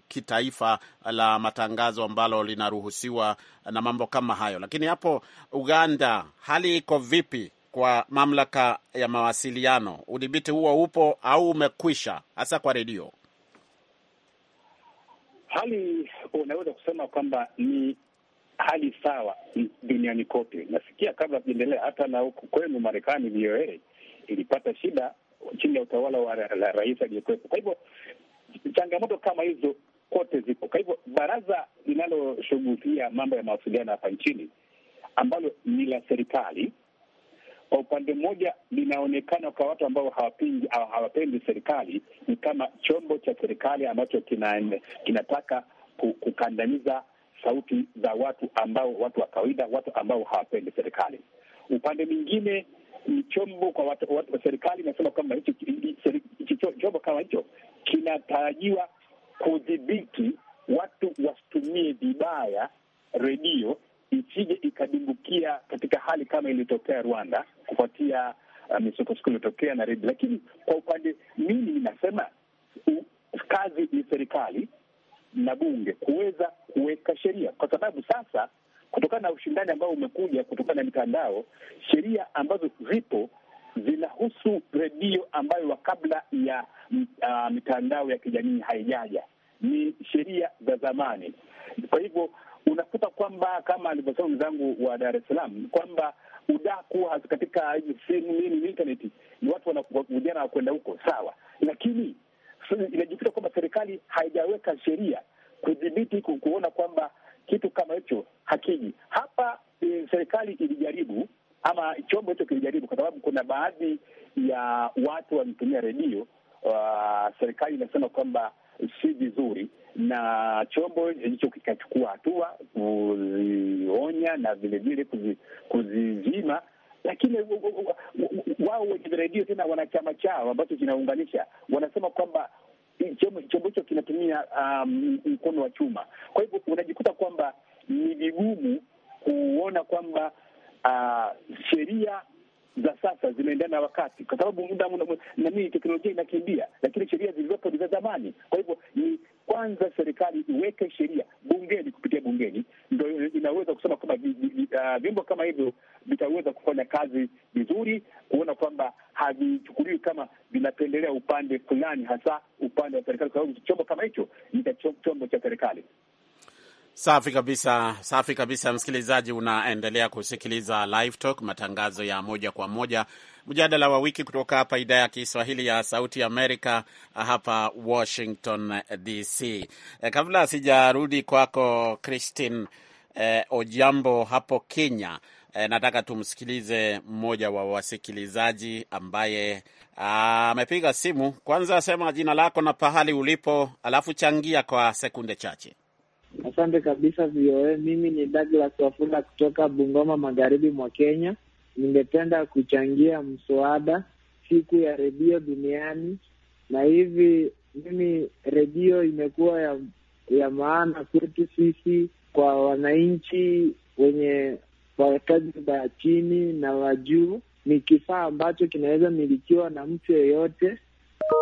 kitaifa la matangazo ambalo linaruhusiwa na mambo kama hayo. Lakini hapo Uganda hali iko vipi kwa mamlaka ya mawasiliano? Udhibiti huo upo au umekwisha, hasa kwa redio? Hali unaweza kusema kwamba ni hali sawa duniani kote. Nasikia kabla tujaendelea, hata na huku kwenu Marekani, VOA ilipata shida chini ya utawala wa rais aliyekuwepo. Kwa hivyo changamoto kama hizo kote zipo Kwa hivyo baraza linaloshughulikia mambo ya mawasiliano hapa nchini ambalo ni la serikali, kwa upande mmoja linaonekana kwa watu ambao hawapingi hawapendi serikali ni kama chombo cha serikali ambacho kina, kinataka kukandamiza sauti za watu ambao watu wa kawaida, watu ambao hawapendi serikali. Upande mwingine ni chombo kwa watu, watu serikali inasema kwamba hicho chombo kama hicho kinatarajiwa kudhibiti watu wasitumie vibaya redio, isije ikadumbukia katika hali kama iliyotokea Rwanda kufuatia uh, misukosuko iliyotokea na redio. Lakini kwa upande mimi ninasema kazi ni serikali na bunge kuweza kuweka sheria, kwa sababu sasa kutokana na ushindani ambao umekuja kutokana na mitandao, sheria ambazo zipo zinahusu redio ambayo kabla ya uh, mitandao ya kijamii haijaja, ni sheria za zamani. Kwa hivyo unakuta kwamba kama alivyosema mwenzangu wa Dar es Salaam kwamba udaku katika hizi simu nini intaneti, ni watu vijana wakwenda huko sawa, lakini inajikuta kwamba serikali haijaweka sheria kudhibiti kuona kwamba kitu kama hicho hakiji hapa. E, serikali ilijaribu ama chombo hicho kilijaribu, kwa sababu kuna baadhi ya watu wanatumia redio. Uh, serikali inasema kwamba si vizuri, na chombo hicho kikachukua hatua kuzionya na vilevile kuzizima lakini wao wenye redio tena wana chama chao ambacho kinaunganisha, wanasema kwamba chombo hicho kinatumia um, mkono wa chuma. Kwa hivyo unajikuta kwamba ni vigumu kuona kwamba uh, sheria za sasa zinaendana na wakati, kwa sababu muda nami teknolojia inakimbia, lakini sheria zilizopo ni za zamani. Kwa hivyo ni kwanza serikali iweke sheria bungeni, kupitia bungeni ndo inaweza kusema kwamba ah, vyombo uh, kama hivyo vitaweza kufanya kazi vizuri, kuona kwamba havichukuliwi kama vinapendelea upande fulani, hasa upande wa serikali, kwa sababu chombo kama hicho ni chombo cha serikali. Safi kabisa, safi kabisa. Msikilizaji, unaendelea kusikiliza Live Talk, matangazo ya moja kwa moja, mjadala wa wiki kutoka hapa idhaa ya Kiswahili ya Sauti Amerika, hapa Washington DC. E, kabla sijarudi kwako Christine e, Ojambo hapo Kenya, e, nataka tumsikilize mmoja wa wasikilizaji ambaye amepiga simu. Kwanza sema jina lako na pahali ulipo, alafu changia kwa sekunde chache. Asante kabisa VOA. Mimi ni Douglas Wafula kutoka Bungoma, magharibi mwa Kenya. Ningependa kuchangia mswada siku ya redio duniani, na hivi mimi redio imekuwa ya, ya maana kwetu sisi kwa wananchi wenye tajriba ya chini na wa juu. Ni kifaa ambacho kinaweza milikiwa na mtu yeyote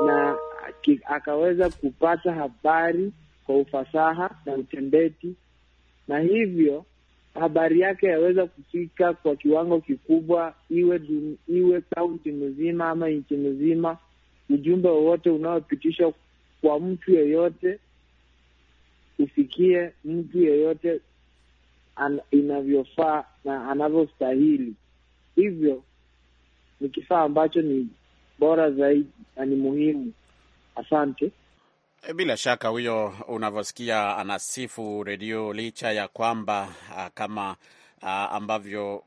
na ki, akaweza kupata habari kwa ufasaha na utendeti, na hivyo habari yake yaweza kufika kwa kiwango kikubwa, iwe dun, iwe kaunti mzima ama nchi mzima. Ujumbe wowote unaopitishwa kwa mtu yeyote ufikie mtu yeyote an, inavyofaa na anavyostahili. Hivyo ni kifaa ambacho ni bora zaidi na ni muhimu. Asante. Eh, bila shaka huyo unavyosikia anasifu redio licha ya kwamba ah, kama ah, ambavyo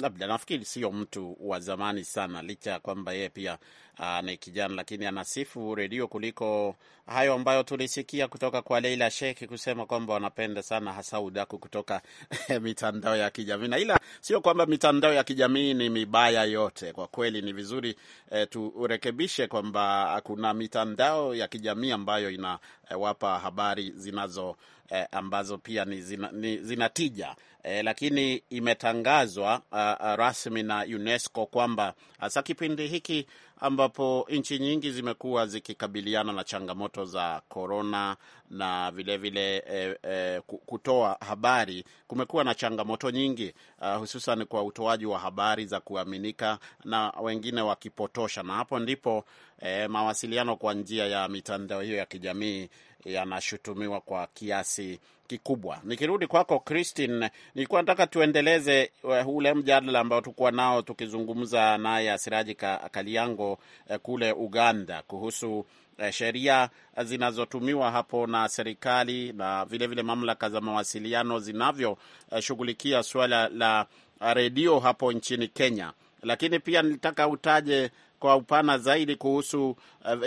labda nafikiri sio mtu wa zamani sana, licha ya kwamba yeye pia uh, ni kijana, lakini anasifu redio kuliko hayo ambayo tulisikia kutoka kwa Leila Sheikh kusema kwamba wanapenda sana hasa udaku kutoka mitandao ya kijamii, na ila sio kwamba mitandao ya kijamii ni mibaya yote. Kwa kweli ni vizuri eh, turekebishe kwamba kuna mitandao ya kijamii ambayo inawapa eh, habari zinazo eh, ambazo pia ni zina, ni, zina tija eh, lakini imetangazwa uh, rasmi na UNESCO kwamba hasa ah, kipindi hiki ambapo nchi nyingi zimekuwa zikikabiliana na changamoto za korona na vilevile vile, eh, eh, kutoa habari, kumekuwa na changamoto nyingi uh, hususan kwa utoaji wa habari za kuaminika na wengine wakipotosha, na hapo ndipo eh, mawasiliano kwa njia ya mitandao hiyo ya kijamii yanashutumiwa kwa kiasi kikubwa. Nikirudi kwako Christine, nilikuwa nataka tuendeleze eh, ule mjadala ambao tulikuwa nao tukizungumza naye Siraji Kaliango eh, kule Uganda kuhusu eh, sheria zinazotumiwa hapo na serikali na vilevile vile mamlaka za mawasiliano zinavyoshughulikia suala la redio hapo nchini Kenya, lakini pia nilitaka utaje kwa upana zaidi kuhusu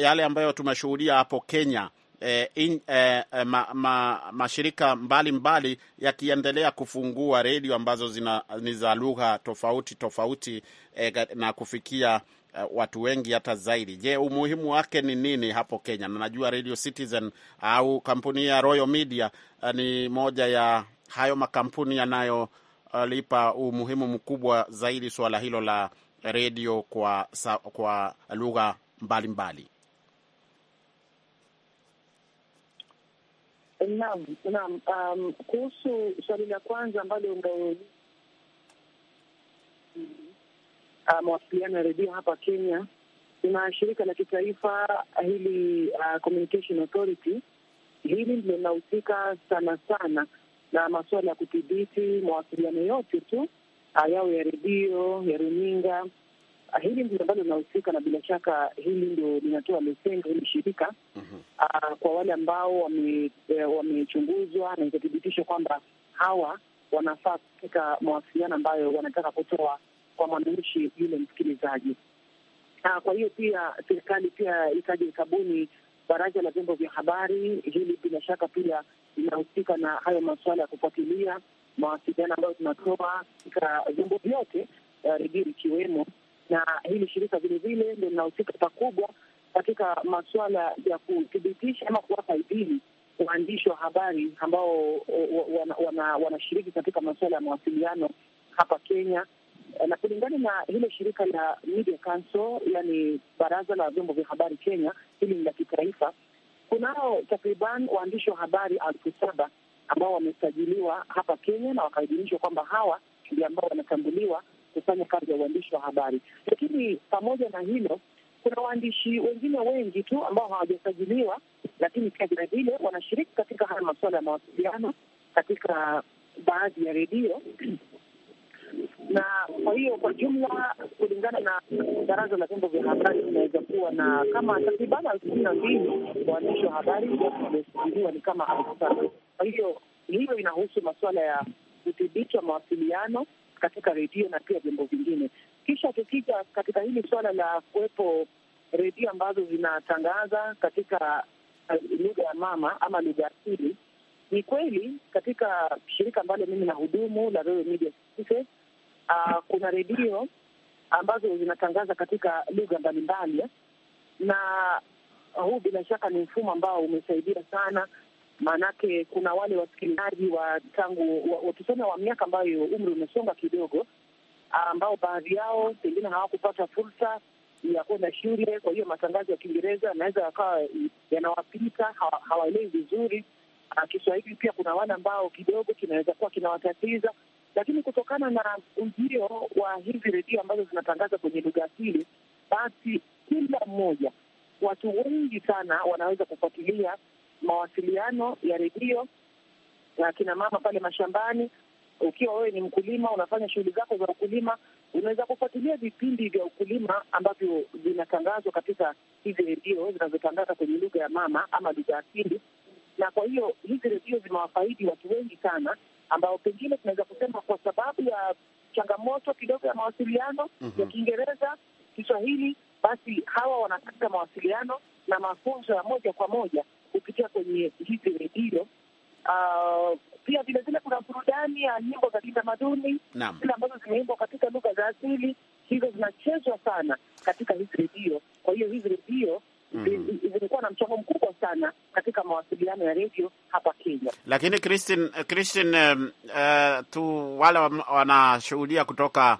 yale ambayo tumeshuhudia hapo Kenya eh, in, eh, eh, ma, ma, mashirika mbalimbali yakiendelea kufungua redio ambazo zina, ni za lugha tofauti tofauti eh, na kufikia eh, watu wengi hata zaidi. Je, umuhimu wake ni nini hapo Kenya? Na najua Radio Citizen au kampuni ya Royal Media eh, ni moja ya hayo makampuni yanayolipa eh, uh, umuhimu mkubwa zaidi suala hilo la redio kwa, kwa lugha mbalimbali. Naam, naam. Um, kuhusu swali la kwanza ambalo ndo um, mawasiliano ya redio hapa Kenya, kuna shirika la kitaifa uh, hili uh, Communication Authority. Hili ndio linahusika sana sana na masuala ya kudhibiti mawasiliano yote tu uh, yao ya redio ya runinga Ah, hili ndio ambalo linahusika, na bila shaka hili ndio linatoa leseni hili shirika mm -hmm. Uh, kwa wale ambao eh, wamechunguzwa wame na ikathibitishwa kwamba hawa wanafaa katika mawasiliano ambayo wanataka kutoa kwa mwananchi yule msikilizaji. Uh, kwa hiyo pia serikali pia ikaja ikabuni baraza la vyombo vya habari. Hili bila shaka pia linahusika na hayo masuala ya kufuatilia mawasiliano ambayo tunatoa katika vyombo vyote, eh, redio ikiwemo na hili shirika vilevile ndio linahusika pakubwa katika masuala ya kuthibitisha ama kuwapa idhini waandishi wa habari ambao wanashiriki wana, wana katika masuala ya mawasiliano hapa Kenya na kulingana na hilo shirika la Media Council, yani baraza la vyombo vya habari Kenya, hili ni la kitaifa. Kunao takriban waandishi wa habari elfu saba ambao wamesajiliwa hapa Kenya na wakaidhinishwa kwamba hawa ndio ambao wanatambuliwa kufanya kazi ya uandishi wa habari. Lakini pamoja na hilo, kuna waandishi wengine wengi tu ambao hawajasajiliwa, lakini pia vilevile wanashiriki katika haya masuala ya mawasiliano katika baadhi ya redio na kwa hiyo kwa jumla, kulingana na baraza la vyombo vya habari, tunaweza kuwa na kama takriban elfu kumi na mbili waandishi wa habari wamesajiliwa, ni kama elfu tatu. Kwa hiyo hiyo inahusu masuala ya udhibiti wa mawasiliano katika redio na pia vyombo vingine. Kisha tukija katika hili suala la kuwepo redio ambazo zinatangaza katika eh, lugha ya mama ama lugha asili, ni kweli katika shirika ambalo mimi na hudumu la Royal Media Services, uh, kuna redio ambazo zinatangaza katika lugha mbalimbali, na huu bila shaka ni mfumo ambao umesaidia sana maanake kuna wale wasikilizaji wa tangu wa, wa miaka ambayo umri umesonga kidogo, ambao baadhi yao pengine hawakupata fursa ya kwenda shule. Kwa hiyo matangazo ya Kiingereza yanaweza yakawa yanawapita, hawaelewi vizuri ah, Kiswahili. Pia kuna wale ambao kidogo kinaweza kuwa kinawatatiza, lakini kutokana na ujio wa hizi redio ambazo zinatangaza kwenye lugha asili, basi kila mmoja, watu wengi sana wanaweza kufuatilia mawasiliano ya redio na kina mama pale mashambani. Ukiwa wewe ni mkulima, unafanya shughuli zako za ukulima, unaweza kufuatilia vipindi vya ukulima ambavyo vinatangazwa katika hizi redio zinazotangaza kwenye lugha ya mama ama lugha asili. Na kwa hiyo hizi redio zimewafaidi watu wengi sana, ambao pengine tunaweza kusema kwa sababu ya changamoto kidogo ya mawasiliano mm -hmm. ya Kiingereza, Kiswahili, basi hawa wanapata mawasiliano na mafunzo ya moja kwa moja kupitia kwenye hizi redio. Uh, pia vilevile kuna burudani ya nyimbo za kitamaduni zile ambazo zimeimbwa katika lugha za asili, hizo zinachezwa sana katika hizi redio. Kwa hiyo hizi redio Mm. na mchango mkubwa sana katika mawasiliano ya redio hapa Kenya. Lakini Christine, Christine, um, uh, tu wale wanashuhudia kutoka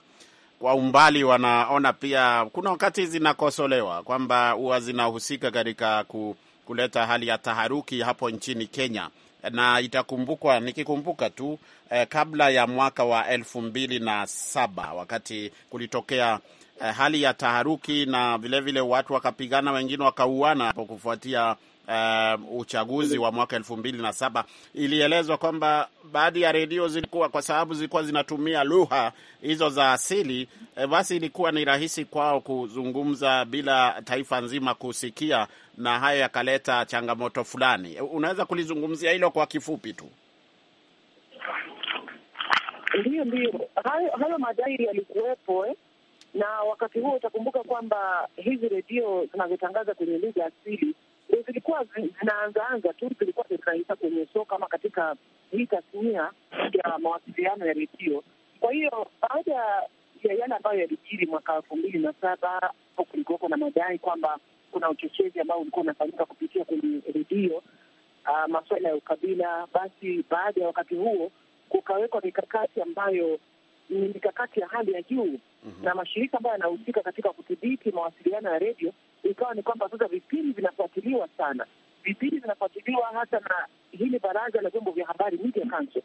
kwa umbali wanaona pia kuna wakati zinakosolewa kwamba huwa zinahusika katika ku kuleta hali ya taharuki hapo nchini Kenya na itakumbukwa nikikumbuka tu eh, kabla ya mwaka wa elfu mbili na saba wakati kulitokea eh, hali ya taharuki na vilevile vile watu wakapigana, wengine wakauana hapo kufuatia uh, uchaguzi wa mwaka elfu mbili na saba ilielezwa kwamba baadhi ya redio zilikuwa, kwa sababu zilikuwa zinatumia lugha hizo za asili, eh, basi ilikuwa ni rahisi kwao kuzungumza bila taifa nzima kusikia, na hayo yakaleta changamoto fulani. Unaweza kulizungumzia hilo kwa kifupi tu? Ndiyo, ndiyo, hayo, hayo madai yalikuwepo eh? na wakati huo utakumbuka kwamba hizi redio zinazotangaza kwenye lugha asili zilikuwa zinaanzaanza tu, zilikuwa zinaita kwenye soka ama katika hii tasnia ya mawasiliano ya redio. Kwa hiyo baada ya yale ambayo yalijiri mwaka elfu mbili na saba kulikuwako na madai kwamba kuna uchochezi ambao ulikuwa unafanyika kupitia kwenye redio, uh, maswala ya ukabila. Basi baada ya wakati huo kukawekwa mikakati ambayo ni mikakati ya hali ya juu -hmm. na mashirika ambayo yanahusika katika kudhibiti mawasiliano ya redio, ikawa ni kwamba sasa vipindi vinafuatiliwa sana, vipindi vinafuatiliwa hata na hili baraza la vyombo vya habari, Media Council,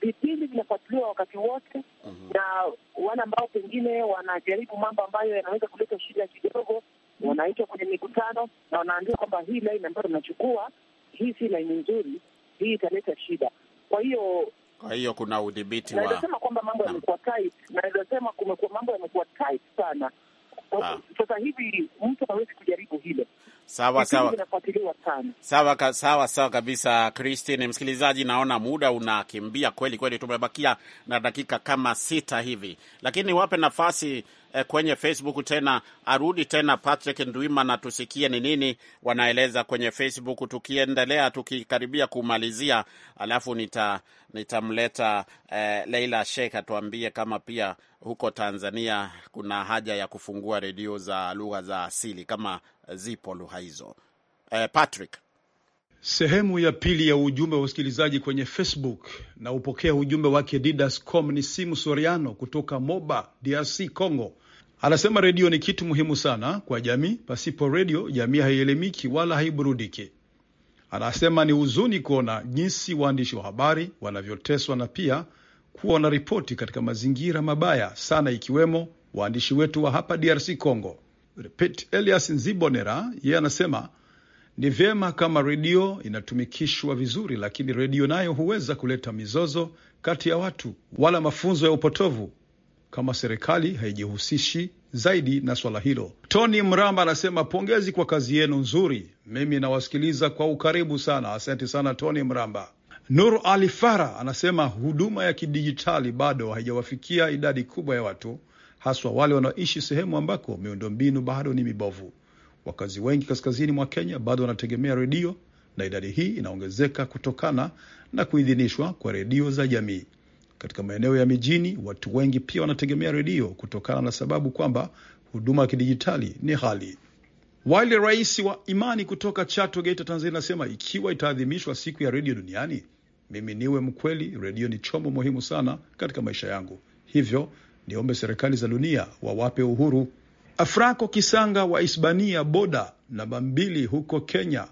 vipindi vinafuatiliwa wakati wote mm -hmm. na wale ambao pengine wanajaribu mambo ambayo yanaweza kuleta shida kidogo, wanaitwa kwenye mikutano na wanaambiwa kwamba hii laini ambayo tunachukua hii si laini nzuri, hii italeta shida. Kwa hiyo kwa hiyo kuna udhibiti wa, naweza sema kwamba mambo yamekuwa tight, naweza sema kumekuwa mambo yamekuwa tight sana. Ah. Sasa hivi mtu hawezi kujaribu hilo. Sawa sawa. Sawa, ka, sawa sawa kabisa Christine. Msikilizaji, naona muda unakimbia kweli kweli, tumebakia na dakika kama sita hivi, lakini wape nafasi eh, kwenye Facebook tena arudi tena Patrick Ndwima na tusikie ni nini wanaeleza kwenye Facebook, tukiendelea tukikaribia kumalizia, alafu nita nitamleta eh, Leila Sheikh atuambie kama pia huko Tanzania kuna haja ya kufungua redio za lugha za asili kama zipo lugha hizo. Eh, Patrick Sehemu ya pili ya ujumbe wa usikilizaji kwenye Facebook na upokea ujumbe wake. Didas com ni simu Soriano kutoka Moba, DRC Congo, anasema redio ni kitu muhimu sana kwa jamii. Pasipo redio, jamii haielemiki wala haiburudiki. Anasema ni huzuni kuona jinsi waandishi wa habari wanavyoteswa na pia kuwa ripoti katika mazingira mabaya sana, ikiwemo waandishi wetu wa hapa DRC Congo. Elias Nzibonera yeye anasema ni vyema kama redio inatumikishwa vizuri, lakini redio nayo huweza kuleta mizozo kati ya watu, wala mafunzo ya upotovu kama serikali haijihusishi zaidi na swala hilo. Tony Mramba anasema pongezi kwa kazi yenu nzuri, mimi nawasikiliza kwa ukaribu sana. Asante sana Tony Mramba. Nur Ali Fara anasema huduma ya kidijitali bado haijawafikia idadi kubwa ya watu, haswa wale wanaoishi sehemu ambako miundombinu bado ni mibovu. Wakazi wengi kaskazini mwa Kenya bado wanategemea redio na idadi hii inaongezeka kutokana na kuidhinishwa kwa redio za jamii. Katika maeneo ya mijini, watu wengi pia wanategemea redio kutokana na sababu kwamba huduma ya kidijitali ni ghali. Wale rais wa imani kutoka Chato, Geita, Tanzania, anasema ikiwa itaadhimishwa siku ya redio duniani, mimi niwe mkweli, redio ni chombo muhimu sana katika maisha yangu, hivyo niombe serikali za dunia wawape uhuru Afrako Kisanga wa Hispania boda namba mbili huko Kenya,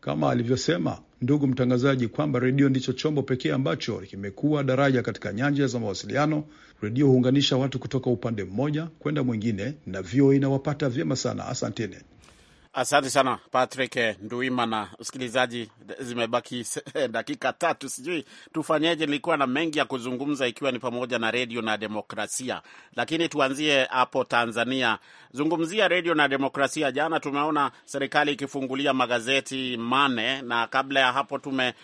kama alivyosema ndugu mtangazaji kwamba redio ndicho chombo pekee ambacho kimekuwa daraja katika nyanja za mawasiliano. Redio huunganisha watu kutoka upande mmoja kwenda mwingine, na vyo inawapata vyema sana. Asanteni. Asante sana Patrick eh, na Msikilizaji, zimebaki dakika tatu, sijui tufanyeje. Nilikuwa na mengi ya kuzungumza, ikiwa ni pamoja na redio na demokrasia, lakini tuanzie hapo Tanzania. Zungumzia redio na demokrasia. Jana tumeona serikali ikifungulia magazeti mane, na kabla ya hapo tumeona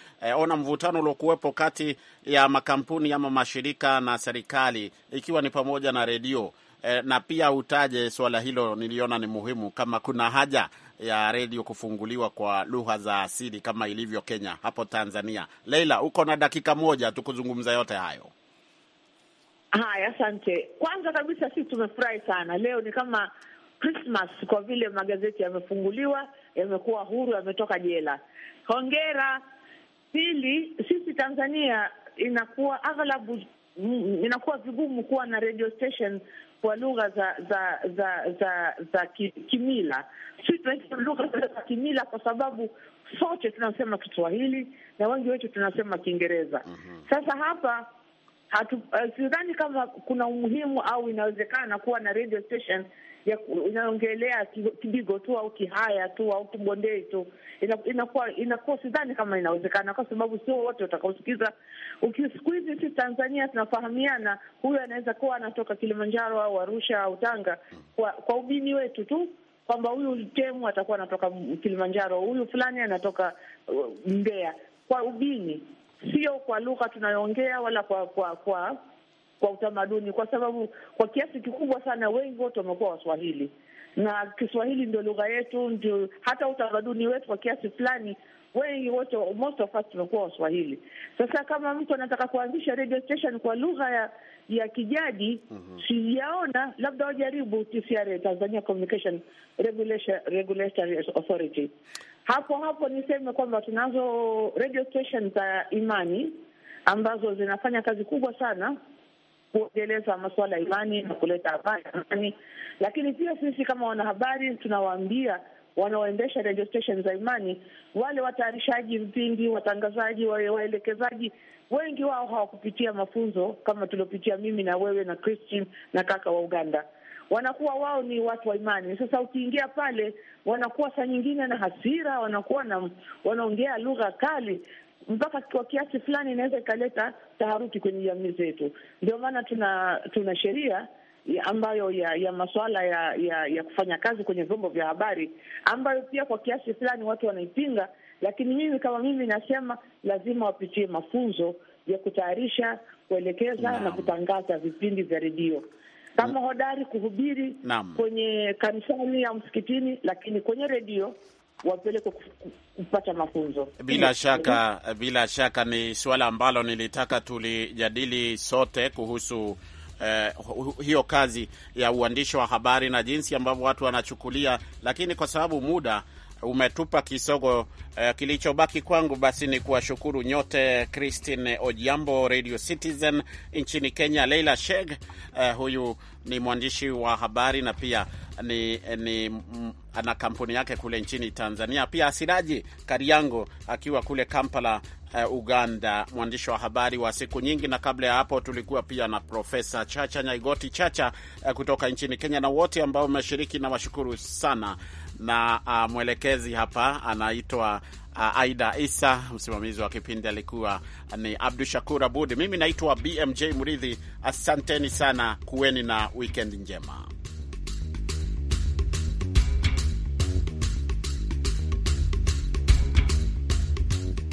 eh, mvutano uliokuwepo kati ya makampuni ama mashirika na serikali, ikiwa ni pamoja na redio Eh, na pia utaje suala hilo, niliona ni muhimu, kama kuna haja ya redio kufunguliwa kwa lugha za asili kama ilivyo Kenya hapo Tanzania. Leila, uko na dakika moja tu kuzungumza yote hayo. Haya, asante. Kwanza kabisa, sisi tumefurahi sana leo, ni kama Christmas kwa vile magazeti yamefunguliwa, yamekuwa huru, yametoka jela. Hongera. Pili, sisi Tanzania inakuwa aghalabu, mm, inakuwa vigumu kuwa na radio station kwa lugha za za za za za kimila. Sisi tunaita lugha za kimila kwa sababu sote tunasema Kiswahili na wengi wetu tunasema Kiingereza. mm -hmm. Sasa hapa hatu, uh, sidhani kama kuna umuhimu au inawezekana kuwa na radio station inaongelea kibigo tu au kihaya tu au kibondei tu, inakuwa inakuwa, sidhani kama inawezekana, kwa sababu sio wote utakaosikiza. Siku hizi sisi Tanzania tunafahamiana, huyu anaweza kuwa anatoka Kilimanjaro au Arusha au Tanga kwa, kwa ubini wetu tu kwamba huyu temu atakuwa anatoka Kilimanjaro, huyu fulani anatoka uh, Mbeya, kwa ubini, sio kwa lugha tunayoongea wala kwa kwa kwa kwa utamaduni, kwa sababu kwa kiasi kikubwa sana wengi wote wamekuwa Waswahili na Kiswahili ndio lugha yetu, ndio hata utamaduni wetu kwa kiasi fulani. Wengi wote, most of us, tumekuwa Waswahili. Sasa kama mtu anataka kuanzisha radio station kwa lugha ya ya kijadi mm -hmm. Sijaona, labda wajaribu TCRA, Tanzania Communication Regulatory Authority. Hapo hapo niseme kwamba tunazo radio station za imani ambazo zinafanya kazi kubwa sana kuogeleza masuala ya imani na kuleta amani lakini pia sisi kama wanahabari tunawaambia wanaoendesha radio station za imani, wale watayarishaji vipindi, watangazaji, waelekezaji, wengi wao hawakupitia mafunzo kama tuliopitia mimi na wewe na Christine na kaka wa Uganda. Wanakuwa wao ni watu wa imani. Sasa ukiingia pale, wanakuwa saa nyingine na hasira, wanakuwa na wanaongea lugha kali, mpaka kwa kiasi fulani inaweza ikaleta taharuki kwenye jamii zetu. Ndio maana tuna tuna sheria ambayo ya ya masuala ya, ya ya kufanya kazi kwenye vyombo vya habari ambayo pia kwa kiasi fulani watu wanaipinga, lakini mimi kama mimi nasema lazima wapitie mafunzo ya kutayarisha, kuelekeza na, na kutangaza vipindi vya redio kama mm. hodari kuhubiri Naam. kwenye kanisani au msikitini, lakini kwenye redio wapelekwe kupata mafunzo. Bila shaka, bila shaka ni suala ambalo nilitaka tulijadili sote kuhusu Eh, hiyo kazi ya uandishi wa habari na jinsi ambavyo watu wanachukulia, lakini kwa sababu muda umetupa kisogo. Uh, kilichobaki kwangu basi ni kuwashukuru nyote, Christine Ojiambo, Radio Citizen nchini Kenya, Leila Sheg, uh, huyu ni mwandishi wa habari na pia ni, ni mm, ana kampuni yake kule nchini Tanzania, pia Asiraji Kariango akiwa kule Kampala, uh, Uganda, mwandishi wa habari wa siku nyingi. Na kabla ya hapo tulikuwa pia na Profesa Chacha Nyaigoti Chacha, uh, kutoka nchini Kenya, na wote ambao umeshiriki na washukuru sana na uh, mwelekezi hapa anaitwa uh, Aida Isa. Msimamizi wa kipindi alikuwa ni Abdu Shakur Abud. Mimi naitwa BMJ mridhi Asanteni sana, kuweni na wikendi njema.